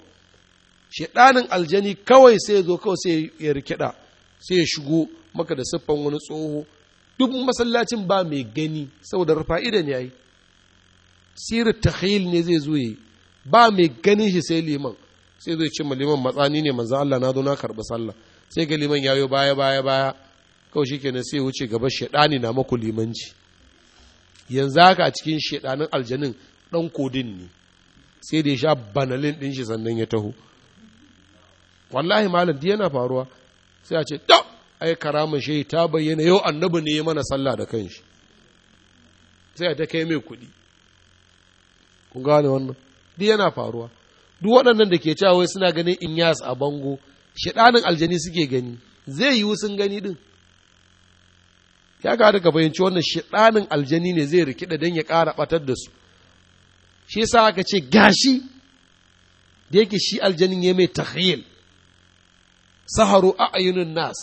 shaɗanin aljani kawai sai ya zo kawai sai ya rikida sai ya shigo maka da siffan wani tsoho duk masallacin ba mai gani saboda rufa'ida ne ya yi sirar tahil ne zai zo yi ba mai ganin shi sai liman sai zai ce liman matsani ne manzan Allah na zo na karɓi sallah sai ga liman yayo baya baya baya kawai kenan sai wuce gaba shedani na maku limanci yanzu haka a cikin shedanin aljanin dan kodin ne sai da ya sha banalin din shi sannan ya taho wallahi malam di yana faruwa sai a ce to ai karamin shi ta bayyana yau annabi ne ya mana sallah da kanshi sai a ta kai mai kuɗi kun gane wannan duk yana faruwa duk waɗannan da ke cewa suna ganin inyas a bango shiɗanin aljani suke gani zai yiwu sun gani din ya ga daga bayanci wannan shiɗanin aljani ne zai rikida don ya ƙara ɓatar da su shi sa aka ce gashi da yake shi aljanin ya mai tahil saharu a ayunin nas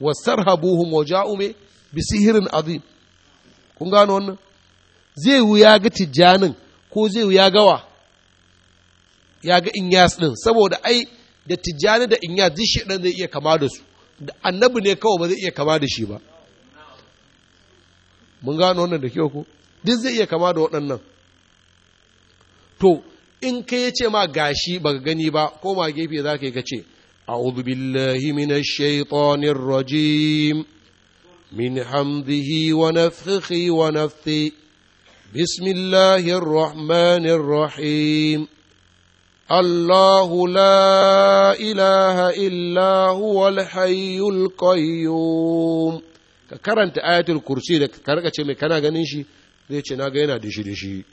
wastarhabuhum wa ja'ume bi sihirin azim kun gano wannan zai wuya ga tijjanin ko zai ya gawa ya ga inyas ɗin saboda ai da tijjani da inyas din shi zai iya kama da su da annabi ne kawai ba zai iya kama da shi ba mun gano wannan da kyau ko duk zai iya kama da waɗannan to in ka ya ce ma gashi ba gani ba ko ma gefe za ka yi ka ce a'udhu billahi minash shaitanir rajim min hamdihi wa nafthihi wa nafthihi بسم الله الرحمن الرحيم الله لا إله إلا هو الحي القيوم ka karanta الكرسي kursi da karkace rika ce mai kana ganin shi zai ce na ga yana dishi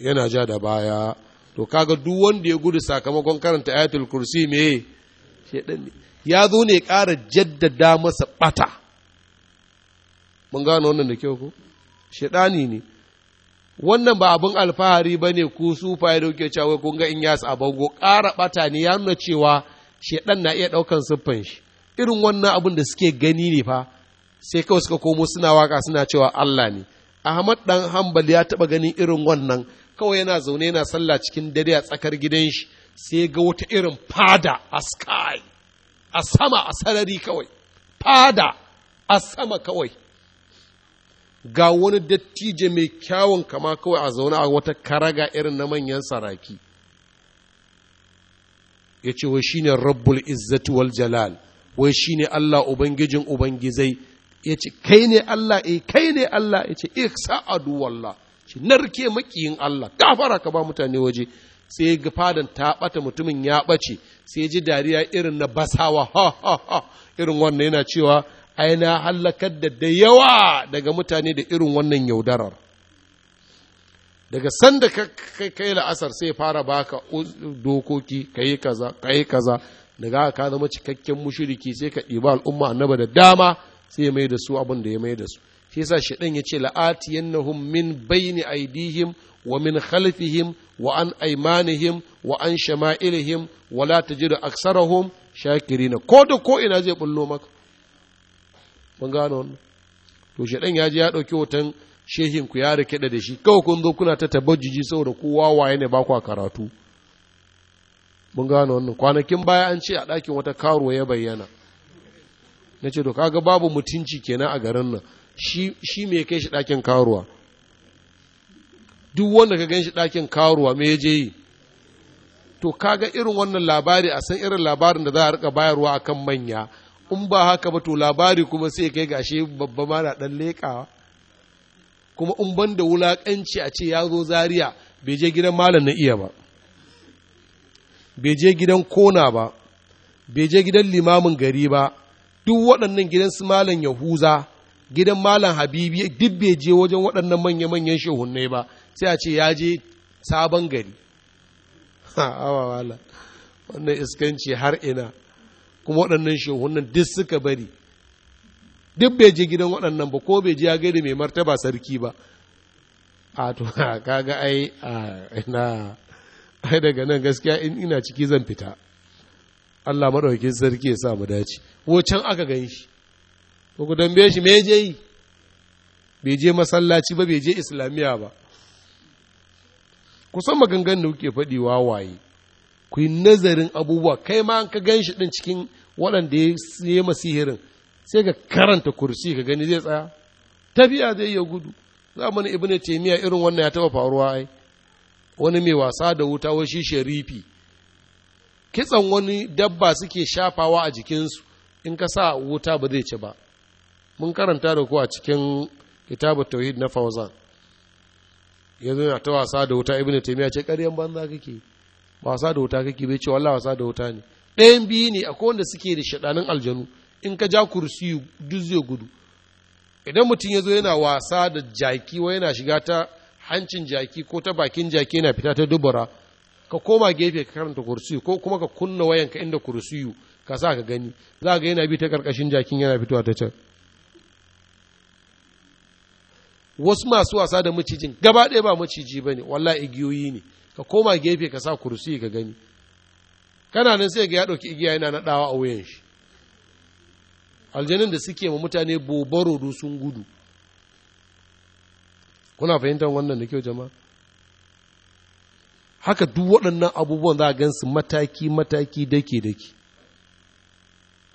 yana ja da baya to kaga duk wanda ya gudu sakamakon karanta ayatul kursi me ya zo ne ƙara jaddada masa bata mun gano wannan da kyau ko shedani ne wannan ba abin alfahari ba ne ku sufaye da kuke cewa kun ga in yas a bango ƙara ɓata ne ya nuna cewa shaɗan na iya ɗaukan siffan shi irin wannan abin da suke gani ne fa sai kawai suka komo suna waka suna cewa Allah ne Ahmad ɗan Hanbal ya taɓa ganin irin wannan kawai yana zaune yana sallah cikin dare a tsakar gidan shi sai ga wata irin fada a sky a sama a sarari kawai fada a sama kawai ga wani dattijo mai kyawun kama kawai a zaune a wata karaga irin na manyan saraki ya ce wai shine rabbul izzati wal jalal wai shine Allah ubangijin ubangizai ya ce kai ne Allah eh kai ne Allah ya ce ik eh, sa'adu wallah ce narke makiyin Allah kafara ka ba mutane waje sai ya ga fadan ta bata mutumin ya bace sai ya ji dariya irin na basawa ha ha ha irin wannan yana cewa ai na hallakar da da yawa daga mutane da irin wannan yaudarar daga sanda kai kai la'asar sai fara baka dokoki kayi kaza kai kaza daga ka zama cikakken mushiriki sai ka ɗiba al'umma annaba da dama sai mai da su abin da ya mai da su shi yasa shedan yace la'atiyannahum min bayni aidihim wa min khalfihim wa an aymanihim wa an shama'ilihim wa la tajidu aksarahum shakirina ko da ko ina zai bullo maka mun gano wannan to shedan ya je ya dauki hoton shehin ku ya rike da shi kawai kun zo kuna ta tabajiji saboda kowa waye ne ba ku karatu mun gano wannan kwanakin baya an ce a ɗakin wata karo ya bayyana na ce to kaga babu mutunci kenan a garin nan shi me kai shi ɗakin karuwa duk wanda ka gan shi ɗakin karuwa me ya je yi to kaga irin wannan labari a san irin labarin da za a rika bayarwa akan manya in ba haka ba to labari kuma sai kai gashi babba ma na dan lekawa kuma in ban da wulakanci a ce ya zo zaria bai je gidan malam na iya ba bai je gidan kona ba bai je gidan limamin gari ba duk waɗannan gidan su malam yahuza gidan malam habibi duk bai je wajen waɗannan manya-manyan shehunnai ba sai a ce ya je sabon gari ha <laughs> awa wala wannan iskanci har ina kuma waɗannan shehunan duk suka bari duk bai je gidan waɗannan ba ko bai je ya gaida mai martaba sarki ba a to <laughs> kaga ai ina ai daga nan gaskiya in ina ciki zan fita Allah maɗaukin sarki ya sa mu dace wacan aka gan shi ko ku dambe shi me je yi bai je masallaci ba bai je islamiya ba kusan maganganun da kuke faɗi waye ku yi nazarin abubuwa kai ma an ka gan shi ɗin cikin waɗanda ya yi masihirin sai ka karanta kursi ka gani zai tsaya tafiya zai iya gudu zamanin ibnu taymiya irin wannan ya taba faruwa ai wani mai wasa da wuta wai shi sharifi kitsan wani dabba suke shafawa a jikinsu in ka sa wuta ba zai ci ba mun karanta da ku a cikin kitabu tauhid na fauzan yanzu na ta wasa da wuta ibnu taymiya ce ƙaryan banza kake wasa da wuta kake bai ce wasa da wuta ne ɗayan biyu ne akwai wanda suke da shaɗanin aljanu in ka ja kursi duk zai gudu idan mutum ya zo yana wasa da jaki wa yana shiga ta hancin jaki ko ta bakin jaki yana fita ta dubara ka koma gefe ka karanta kursiyu ko kuma ka kunna wayan ka inda kursiyu ka sa ka gani za ga yana bi ta karkashin jakin yana fitowa ta can wasu masu wasa da macijin gaba ɗaya ba maciji ba ne wallahi igiyoyi ne ka koma gefe ka sa kursi ka gani kana nan sai ga ya ɗauki igiya yana naɗawa a wuyan shi aljanin da suke ma mutane bobaro sun gudu kuna fahimtar wannan da kyau jama'a haka duk waɗannan abubuwan za a gansu mataki-mataki dake-dake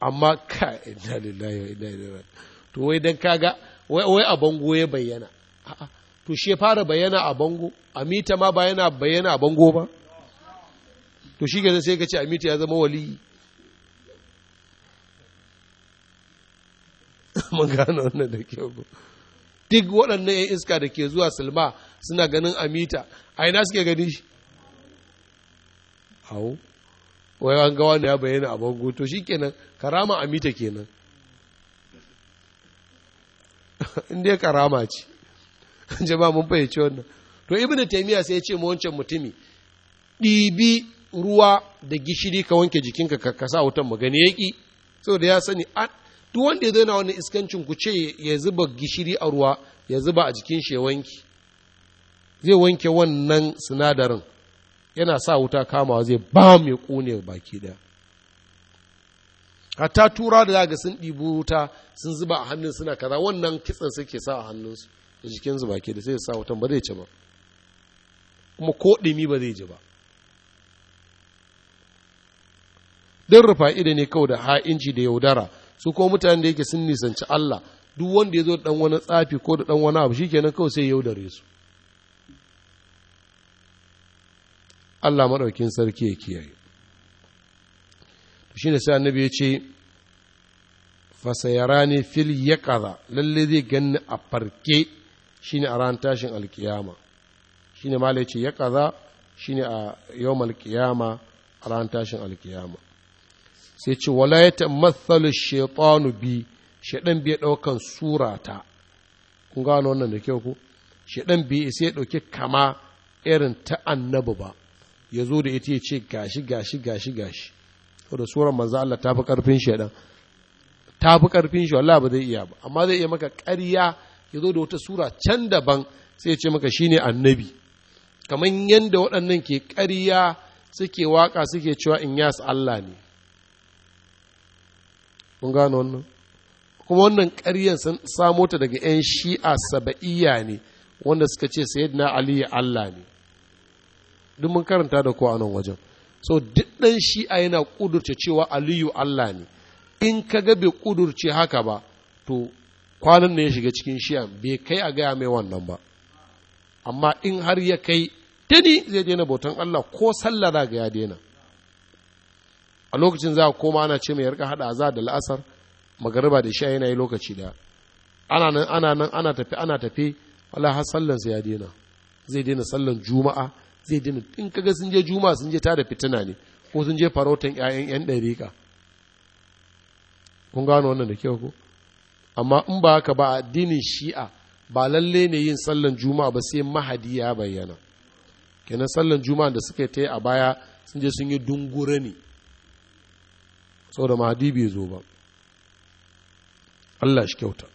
amma ka inna lillahi wa inna ilaihi to wai dan kaga wai a bango ya bayyana a'a to shi fara bayyana a bango amita ma ba yana bayyana a bango ba to shi ke sai ka ce amita ya zama wali <laughs> mun gano wannan da kyau ba. duk waɗannan 'yan iska da ke zuwa silma suna ganin amita a ina suke gani shi hau wai an gawa ya bayyana a bango to shi kenan karama amita kenan <laughs> inda ya karama ce <laughs> jama'a mun fahimci wannan to ibnu taymiya sai ya ce mu wancan mutumi ɗibi ruwa da gishiri ka wanke jikinka ka sa wutan magani yaki saboda ya sani duk wanda ya zauna wannan iskancin ku ce ya zuba gishiri a ruwa ya zuba a jikin shi ya wanke zai wanke wannan sinadarin yana sa wuta kamawa zai ba mai kone baki da hatta tura da zaga sun ɗibi wuta sun zuba a hannun suna kaza wannan kitsan suke sa a hannunsu da zuba ke da sai ya sa wutan ba zai ci ba kuma ko ɗimi ba zai ji ba don rufa ne kawai da ha'inci da yaudara su ko mutanen da yake sun nisanci Allah duk wanda ya zo da ɗan wani tsafi ko da ɗan wani abu kenan kawai sai yaudare su Allah maɗaukin sarki ya kiyaye shi ne sai annabi ya ce fasayara ne fil ya ƙaza lalle zai gani a farke ne a ran tashin alkiyama shine malai ce ya kaza shi ne a yau qiyama a ran tashin alkiyama sai ce wala ya tamathalu shaytanu bi shaɗan bi ɗaukan surata kun gano wannan da kyau ku shaɗan bi sai ya ɗauki kama irin ta annabi ba ya zo da ita ya ce gashi gashi gashi gashi da suran manzo Allah ta fi karfin shaɗan ta fi karfin shi wallahi ba zai iya ba amma zai iya maka ƙarya ya zo da wata sura can daban sai ce maka shine annabi kamar yadda waɗannan ke ƙarya suke waƙa suke cewa in yasu Allah ne mun gano wannan kuma wannan ƙaryar sun samo ta daga 'yan shi'a saba'iyya ne wanda suka ce sayyidina ali Allah ne duk mun karanta da kowa nan wajen so duk ɗan shi'a yana ƙudurce cewa aliyu Allah ne in ka ga bai ƙudurce haka ba to kwanan ne ya shiga cikin shi'a bai kai a gaya mai wannan ba amma in har ya kai tani zai daina bautan Allah ko sallah za ga ya daina a lokacin za a koma ana ce mai yarka hada za da la'asar magariba da sha yana yi lokaci da ana nan ana nan ana tafi ana tafi wala har sallan ya daina zai daina sallan juma'a zai daina in kaga sun je juma'a sun je tada fitina ne ko sun je farautan ƴaƴan 'yan ɗariƙa kun gano wannan da kyau ko amma in ba haka ba addinin shi'a ba lalle ne yin sallan juma'a ba sai mahadi ya bayyana kenan sallan juma'a da suka ta yi a baya sun je sun yi dungure ne saboda mahadi bai zo ba Allah shi kyauta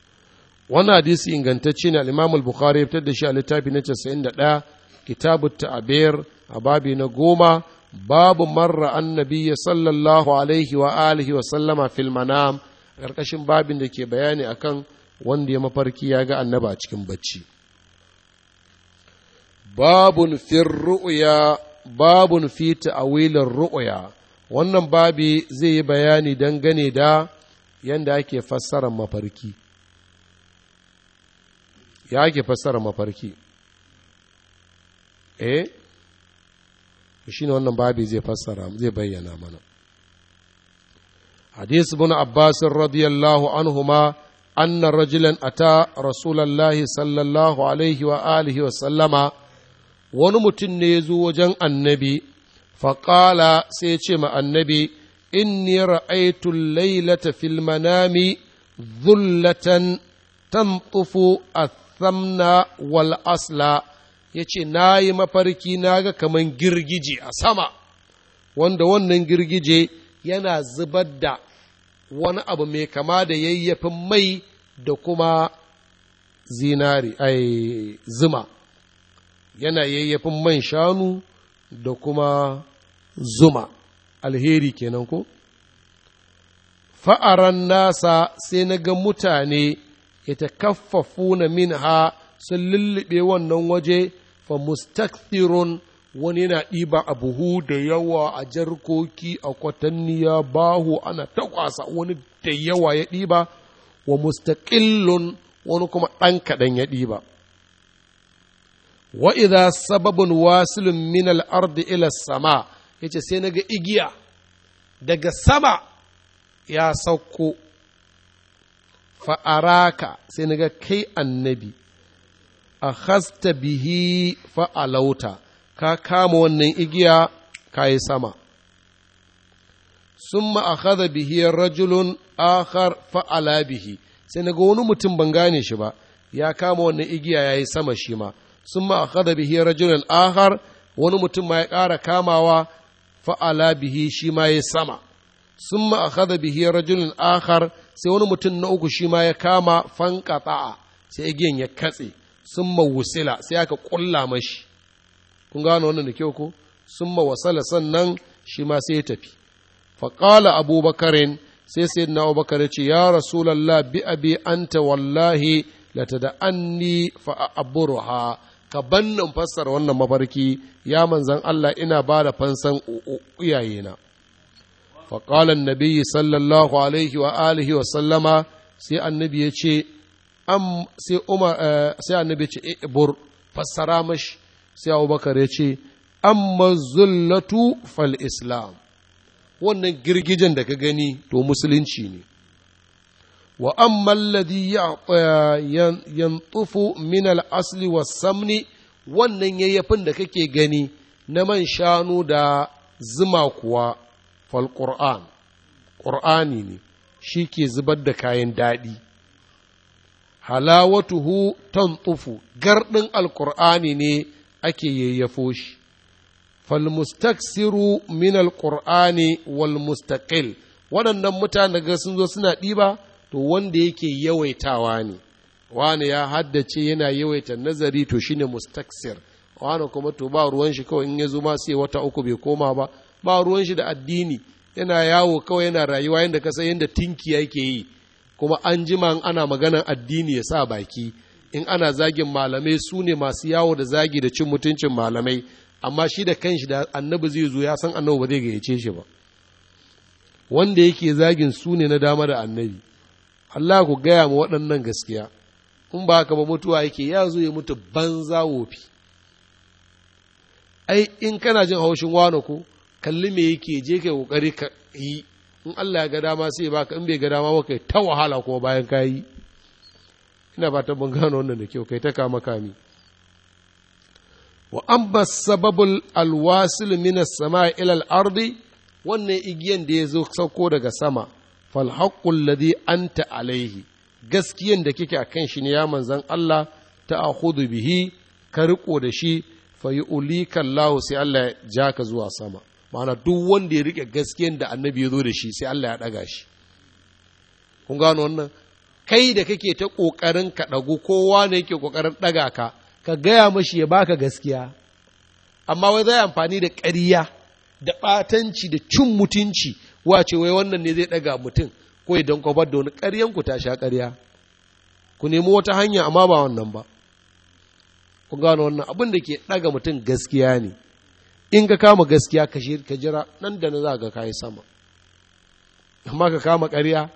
wannan hadisi ingantacce ne al-Imam al-Bukhari ya fitar da shi a littafi na da 91 kitabu ta'abir a babi na goma babu marra annabiyya sallallahu alaihi wa alihi wa sallama fil manam ƙarƙashin babin da ke bayani a kan wanda ya mafarki ya ga annaba a cikin bacci babun fir ru'ya babun fi wilin ru'ya wannan babi zai yi bayani dangane da yanda ake fassara mafarki ya ake fassara mafarki eh shi ne wannan babi zai fassara zai bayyana mana hadis bin abbas radiyallahu anhuma anna rajulan ata rasulullahi sallallahu alaihi wa wa sallama wani mutum ne ya zo wajen annabi faƙala sai ce ma annabi inni ra'aitu lailata fil manami zullatan tamtufu athamna wal asla ya ce na yi mafarki na ga kaman girgije a sama wanda wannan girgije yana zubar da wani abu mai kama da yayyafin mai da kuma zinari ai zuma yana yayyafin man shanu da kuma zuma alheri kenan ko fa'aran nasa sai na ga mutane ita kaffafuna min ha sun lullube wannan waje fa mustakthirun wani yana ɗiba a buhu da yawa a jarkoki a kwatanniya bahu ana takwasa wani da yawa ya ɗiba wa mustaƙillun wani kuma ɗan kaɗan ya ɗiba wa idza sababun wasilun min al-ardi ila sama yace sai naga igiya daga sama ya sauko fa'araka sai naga kai annabi a bihi fa'alauta ka kama wannan igiya ka yi sama sun ma'akaza bihi rajulun akhar fa'ala bihi sai na ga wani mutum ban gane shi ba ya kama wannan igiya ya yi sama shi ma sun ma'akaza bihi rajulun akhar wani mutum ma ya ƙara kamawa fa'ala bihi shi ma ya sama sun ma'akaza bihi rajulun akhar sai wani mutum na uku shi ma ya kama fankata'a sai igiyan ya katse sun mawusila sai aka ƙulla mashi kun gano wannan da kyau ko sun wasala sannan shi ma sai ya tafi faƙala abubakarin sai sai na abubakar ce ya rasulallah bi abi anta wallahi la ni fa aburha ka bannan fassara wannan mafarki ya manzan Allah ina ba da fansan iyayena faƙalan nabi sallallahu alaihi wa alihi wa sallama sai annabi ya ce sai umar eh, sai ya ce ibur fassara mashi sai abubakar ya ce amma zullatu fal islam wannan girgijen da ka gani to musulunci ne wa amma alladhi yantufu min al asli was samni wannan yayyafin da kake gani na man shanu da zuma kuwa fal qur'an qur'ani ne shi ke zubar da kayan daɗi halawatuhu tantufu gardin qur'ani ne ake yayyafo shi falmustaksiru min alqur'ani wal mustaqil waɗannan mutane ga sun zo suna ɗiba to wanda yake yawaitawa ne wani ya haddace yana yawaita nazari to shine mustaksir wani kuma to ba ruwan shi kawai in ya zo ma sai wata uku bai koma ba ba ruwan shi da addini yana yawo kawai yana rayuwa yadda ka san yadda tinki yake yi kuma an jima ana maganar addini ya sa baki in ana zagin malamai su ne masu yawo da zagi da cin mutuncin malamai amma shi da kanshi da annabi zai zo ya san annabi ba zai gayyace shi ba wanda yake zagin su ne na dama da annabi Allah ku gaya mu waɗannan gaskiya in ba haka ba mutuwa yake ya zo ya mutu banza wofi ai in kana jin haushin wani ko kalli me yake je kai kokari ka yi in Allah ya ga dama sai baka in bai ga dama ba kai ta wahala kuma bayan ka yi ina ba ta gano wannan da kyau kai ta kama kami wa amma sababul alwasil min sama ila al-ardi wannan igiyan da ya zo sauko daga sama fal haqqul ladhi anta alaihi gaskiyan da kike akan shi ne ya manzan Allah ta akhudhu bihi ka riko da shi fa yu'lika Allah sai Allah ja ka zuwa sama ma'ana duk wanda ya rike gaskiyan da annabi ya zo da shi sai Allah ya daga shi kun gano wannan kai da kake ta ƙoƙarin ka ɗagu kowa ne yake ƙoƙarin ɗaga ka ka gaya mashi ya baka gaskiya amma wai zai amfani da ƙarya da ɓatanci da cin mutunci wace wai wannan ne zai ɗaga mutum ko idan kwabar da wani ƙaryan ku ta sha ƙarya ku nemi wata hanya amma ba wannan ba ku gano wannan abin da ke ɗaga mutum gaskiya ne in ka kama gaskiya ka jira nan da na za ka kayi sama amma ka kama ƙarya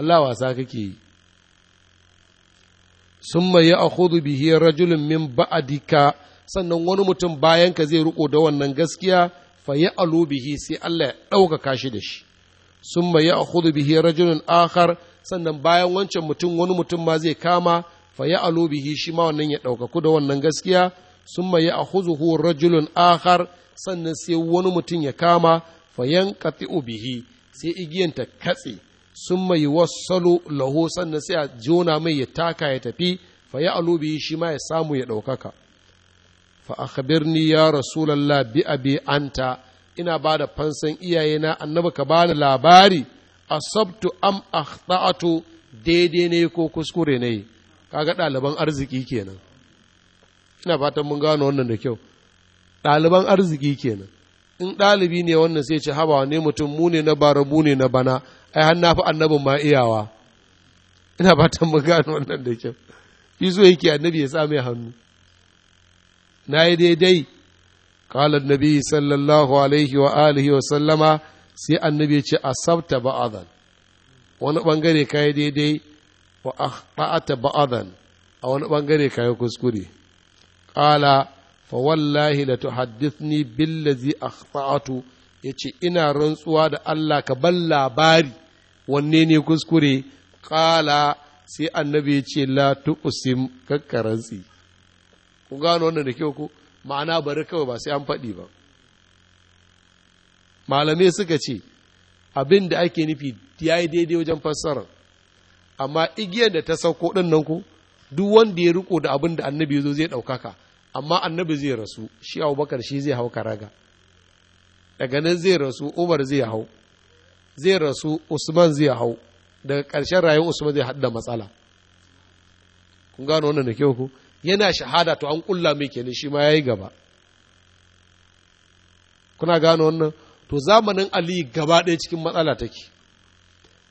Allah wasa kake yi summa ya akhudhu bihi rajulun min ba'dika sannan wani mutum bayan zai riko da wannan gaskiya fa ya alu bihi sai Allah ya ɗaukaka kashi da shi summa ya akhudhu bihi rajulun akhar sannan bayan wancan mutum wani mutum ma zai kama fa ya alu bihi shi ma wannan ya ku da wannan gaskiya summa ya hu rajulun akhar sannan sai wani mutum ya kama fa yanqati'u bihi sai igiyan ta katse sun mai wasu laho sannan sai a jona mai ya taka ya tafi fa ya alubi shi ma ya samu ya ɗaukaka fa a birni ya rasulallah bi abi anta ina ba da fansan iyayena annabi ka bani labari asabtu am akhta'atu daidai ne ko kuskure ne kaga ɗaliban arziki kenan ina fatan mun gano wannan da kyau ɗaliban arziki kenan in ɗalibi ne wannan sai ce haba ne mutum mu ne na bara mu ne na bana ai har na fi annabin ma iyawa ina fatan mu gano wannan da kyau shi yake annabi ya sa mai hannu na yi daidai kalar nabi sallallahu alaihi wa alihi wa sallama sai annabi ya ce asabta ba'adan wani bangare ka yi daidai wa akhta'ata ba'adan a wani bangare ka yi kuskure qala fa wallahi la tuhaddithni billazi akhta'atu yace ina rantsuwa da Allah ka ban labari wanne ne kuskure ƙala sai annabi ya ce la tuqsim kakkarantsi ku gano wannan da kyau ko ma'ana bari kawai ba sai an faɗi ba malamai suka ce abin da ake nufi ya yi daidai wajen fassara amma igiyar da ta sauko ɗin nan ku duk wanda ya riko da abin da annabi ya zo zai ɗaukaka amma annabi zai rasu shi abubakar shi zai hau karaga daga nan zai rasu umar zai hau zai rasu usman zai hau daga ƙarshen rayuwar usman zai da matsala kun gano wannan da kyau ku yana shahada to an ƙulla mai kenan shi ma ya yi gaba kuna gano wannan to zamanin ali gaba ɗaya cikin matsala take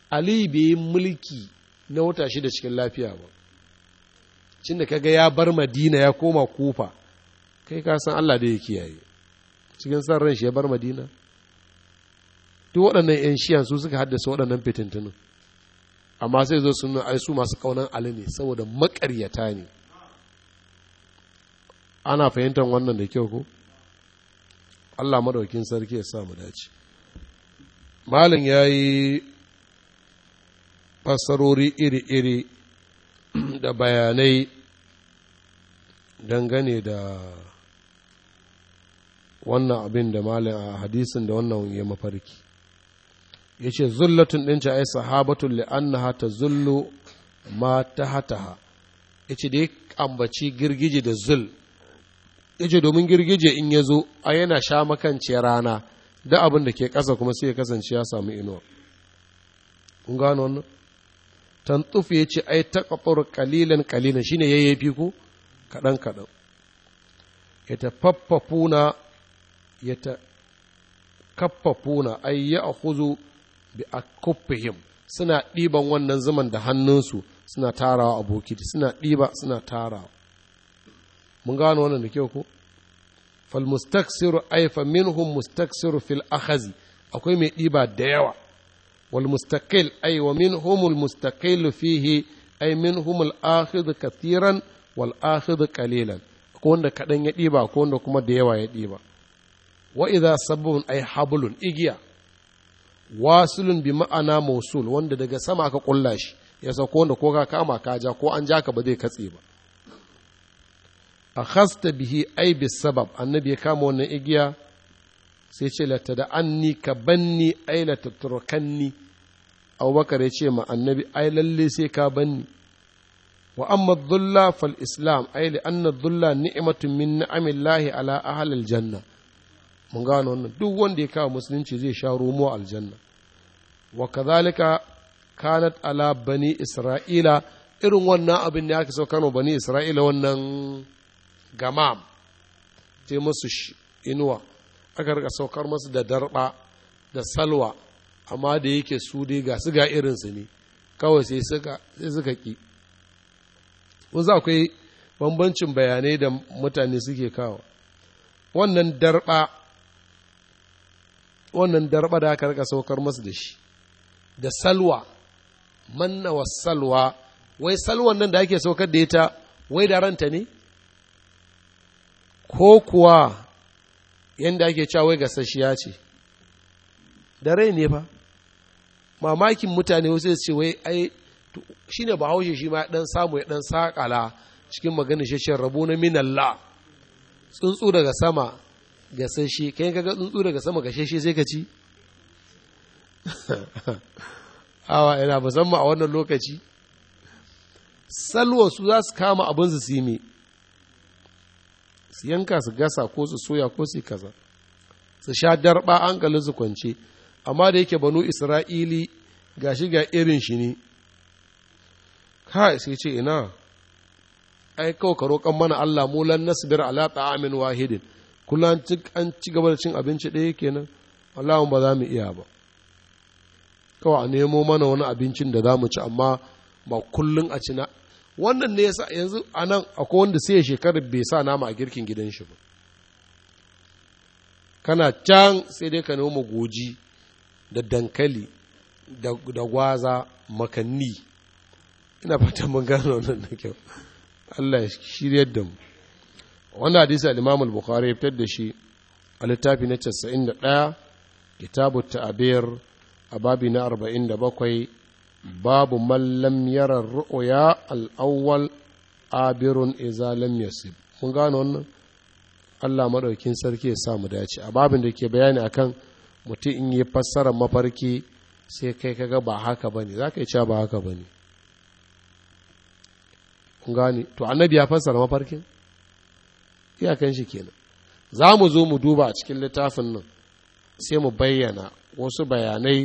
ali bai yi mulki na wata da cikin lafiya ba cin da kaga ya bar madina ya koma kufa kai ka san allah da ya kiyaye cikin san ran shi ya bar madina duk waɗannan 'yan shiyan su suka haddasa waɗannan fitintunan amma sai zo sun ai su masu kaunan ali ne saboda makaryata ne ana fahimtar wannan da kyau ko Allah madaukin sarki ya sa dace malin yi fassarori iri-iri <clears throat> da bayanai dangane da wannan abin da malin a hadisin da wannan ya mafarki ya ce zullatun ɗinta ai sahabatun li'annaha ta zullu ma ta hataha ya ce da ya ambaci girgije da zul ya ce domin girgije in ya zo a yana sha makanciyar rana da abin da ke ƙasa kuma sai ya kasance ya samu inuwa kun gano wannan tantuf ya ce ai ta ƙafar kalilan kalilan shine yayyafi ko kaɗan kaɗan ya ta faffafuna ya kaffafuna ai ya bi akuffihim suna ɗiban wannan zaman da hannunsu suna tarawa a bokiti suna ɗiba suna tarawa mun gano wannan da kyau ko fal mustaksiru aifa minhum mustaksiru fil akhazi akwai mai ɗiba da yawa wal mustaqil ay wa minhum al mustaqil fihi ay minhum al akhidh kathiran wal akhidh qalilan ko wanda kaɗan ya ɗiba ko wanda kuma da yawa ya ɗiba wa idza sabun ay hablun igiya wasulun bi ma'ana Mosul, wanda daga sama aka kulla shi ya sauko wanda ko ka kama ka ja ko an ja ka ba zai katse ba a hasta bihi ai bi sabab annabi ya kama wannan igiya sai ce lata da anni ka banni ai lata turkanni abubakar ya ce ma annabi ai lalle sai ka banni wa amma dhulla fal islam ai li anna dhulla ni'matun min ni'amillahi ala ahlil janna mun gano wannan duk wanda ya kawo musulunci zai sha romo aljanna wa kazalika kanat ala bani isra'ila irin wannan abin da aka sauka wa bani isra'ila wannan gamam ce musu inuwa aka rika saukar musu da darba da salwa amma da yake su dai ga su ga su ne kawai sai suka sai suka ki wanzu akwai bambancin bayanai da mutane suke kawo wannan darba wannan darba da aka rika saukar masu da shi da salwa manna wa salwa wai salwan nan da ake saukar da ita wai da ranta ne ko kuwa yadda ake cewa wai gasasshiya ce da rai ne fa mamakin mutane wasu ce wai ai shi ne bahaushe shi ma ɗan samu ya ɗan sakala cikin maganin shashen rabu na minalla tsuntsu daga sama gasashe kayan kaga tsuntsu daga sama gashashe sai ka ci <laughs> awa ina musamman a wannan lokaci salwa su za su kama abin su sime su yanka su gasa ko su soya ko su kaza su sha darba hankalin su kwance amma da yake banu isra'ili ga shi ga irin shi ne kai sai ce ina ai kawo ka roƙon mana Allah mu lan nasbir ala ta'amin wahidin kullum an ci gaba da cin abinci ɗaya kenan Allahun ba za mu iya ba kawai a nemo mana wani abincin da za mu ci amma ba kullum a ci na wannan ne yasa yanzu a nan akwai wanda sai shekarar bai sa nama a girkin gidan shi ba kana can sai dai ka noma goji da dankali da gwaza makanni ina fata mun gano wannan da kyau Allah ya shiryar da mu wani hadisi al-imam al-bukhari fitar da shi a littafi na 91 kitabu ta'abir a babi na 47 babu mallam yara ru'uya al-awwal abirun iza lam yasib mun gano wannan Allah madaukin sarki ya sa mu dace a babin da ke bayani akan mutum in yi fassara mafarki sai kai kaga ba haka bane zaka yi cewa ba haka bane kun gane to annabi ya fassara mafarkin iyakan shi kenan za mu zo mu duba a cikin littafin nan sai mu bayyana wasu bayanai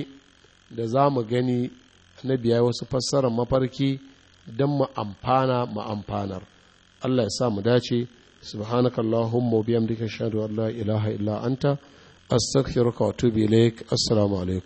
da za mu gani na biya wasu fassarar mafarki don mu amfana mu amfanar Allah ya sa mu dace subhanakallahumma wa bihamdika ashhadu an la ilaha illa anta astaghfiruka wa assalamu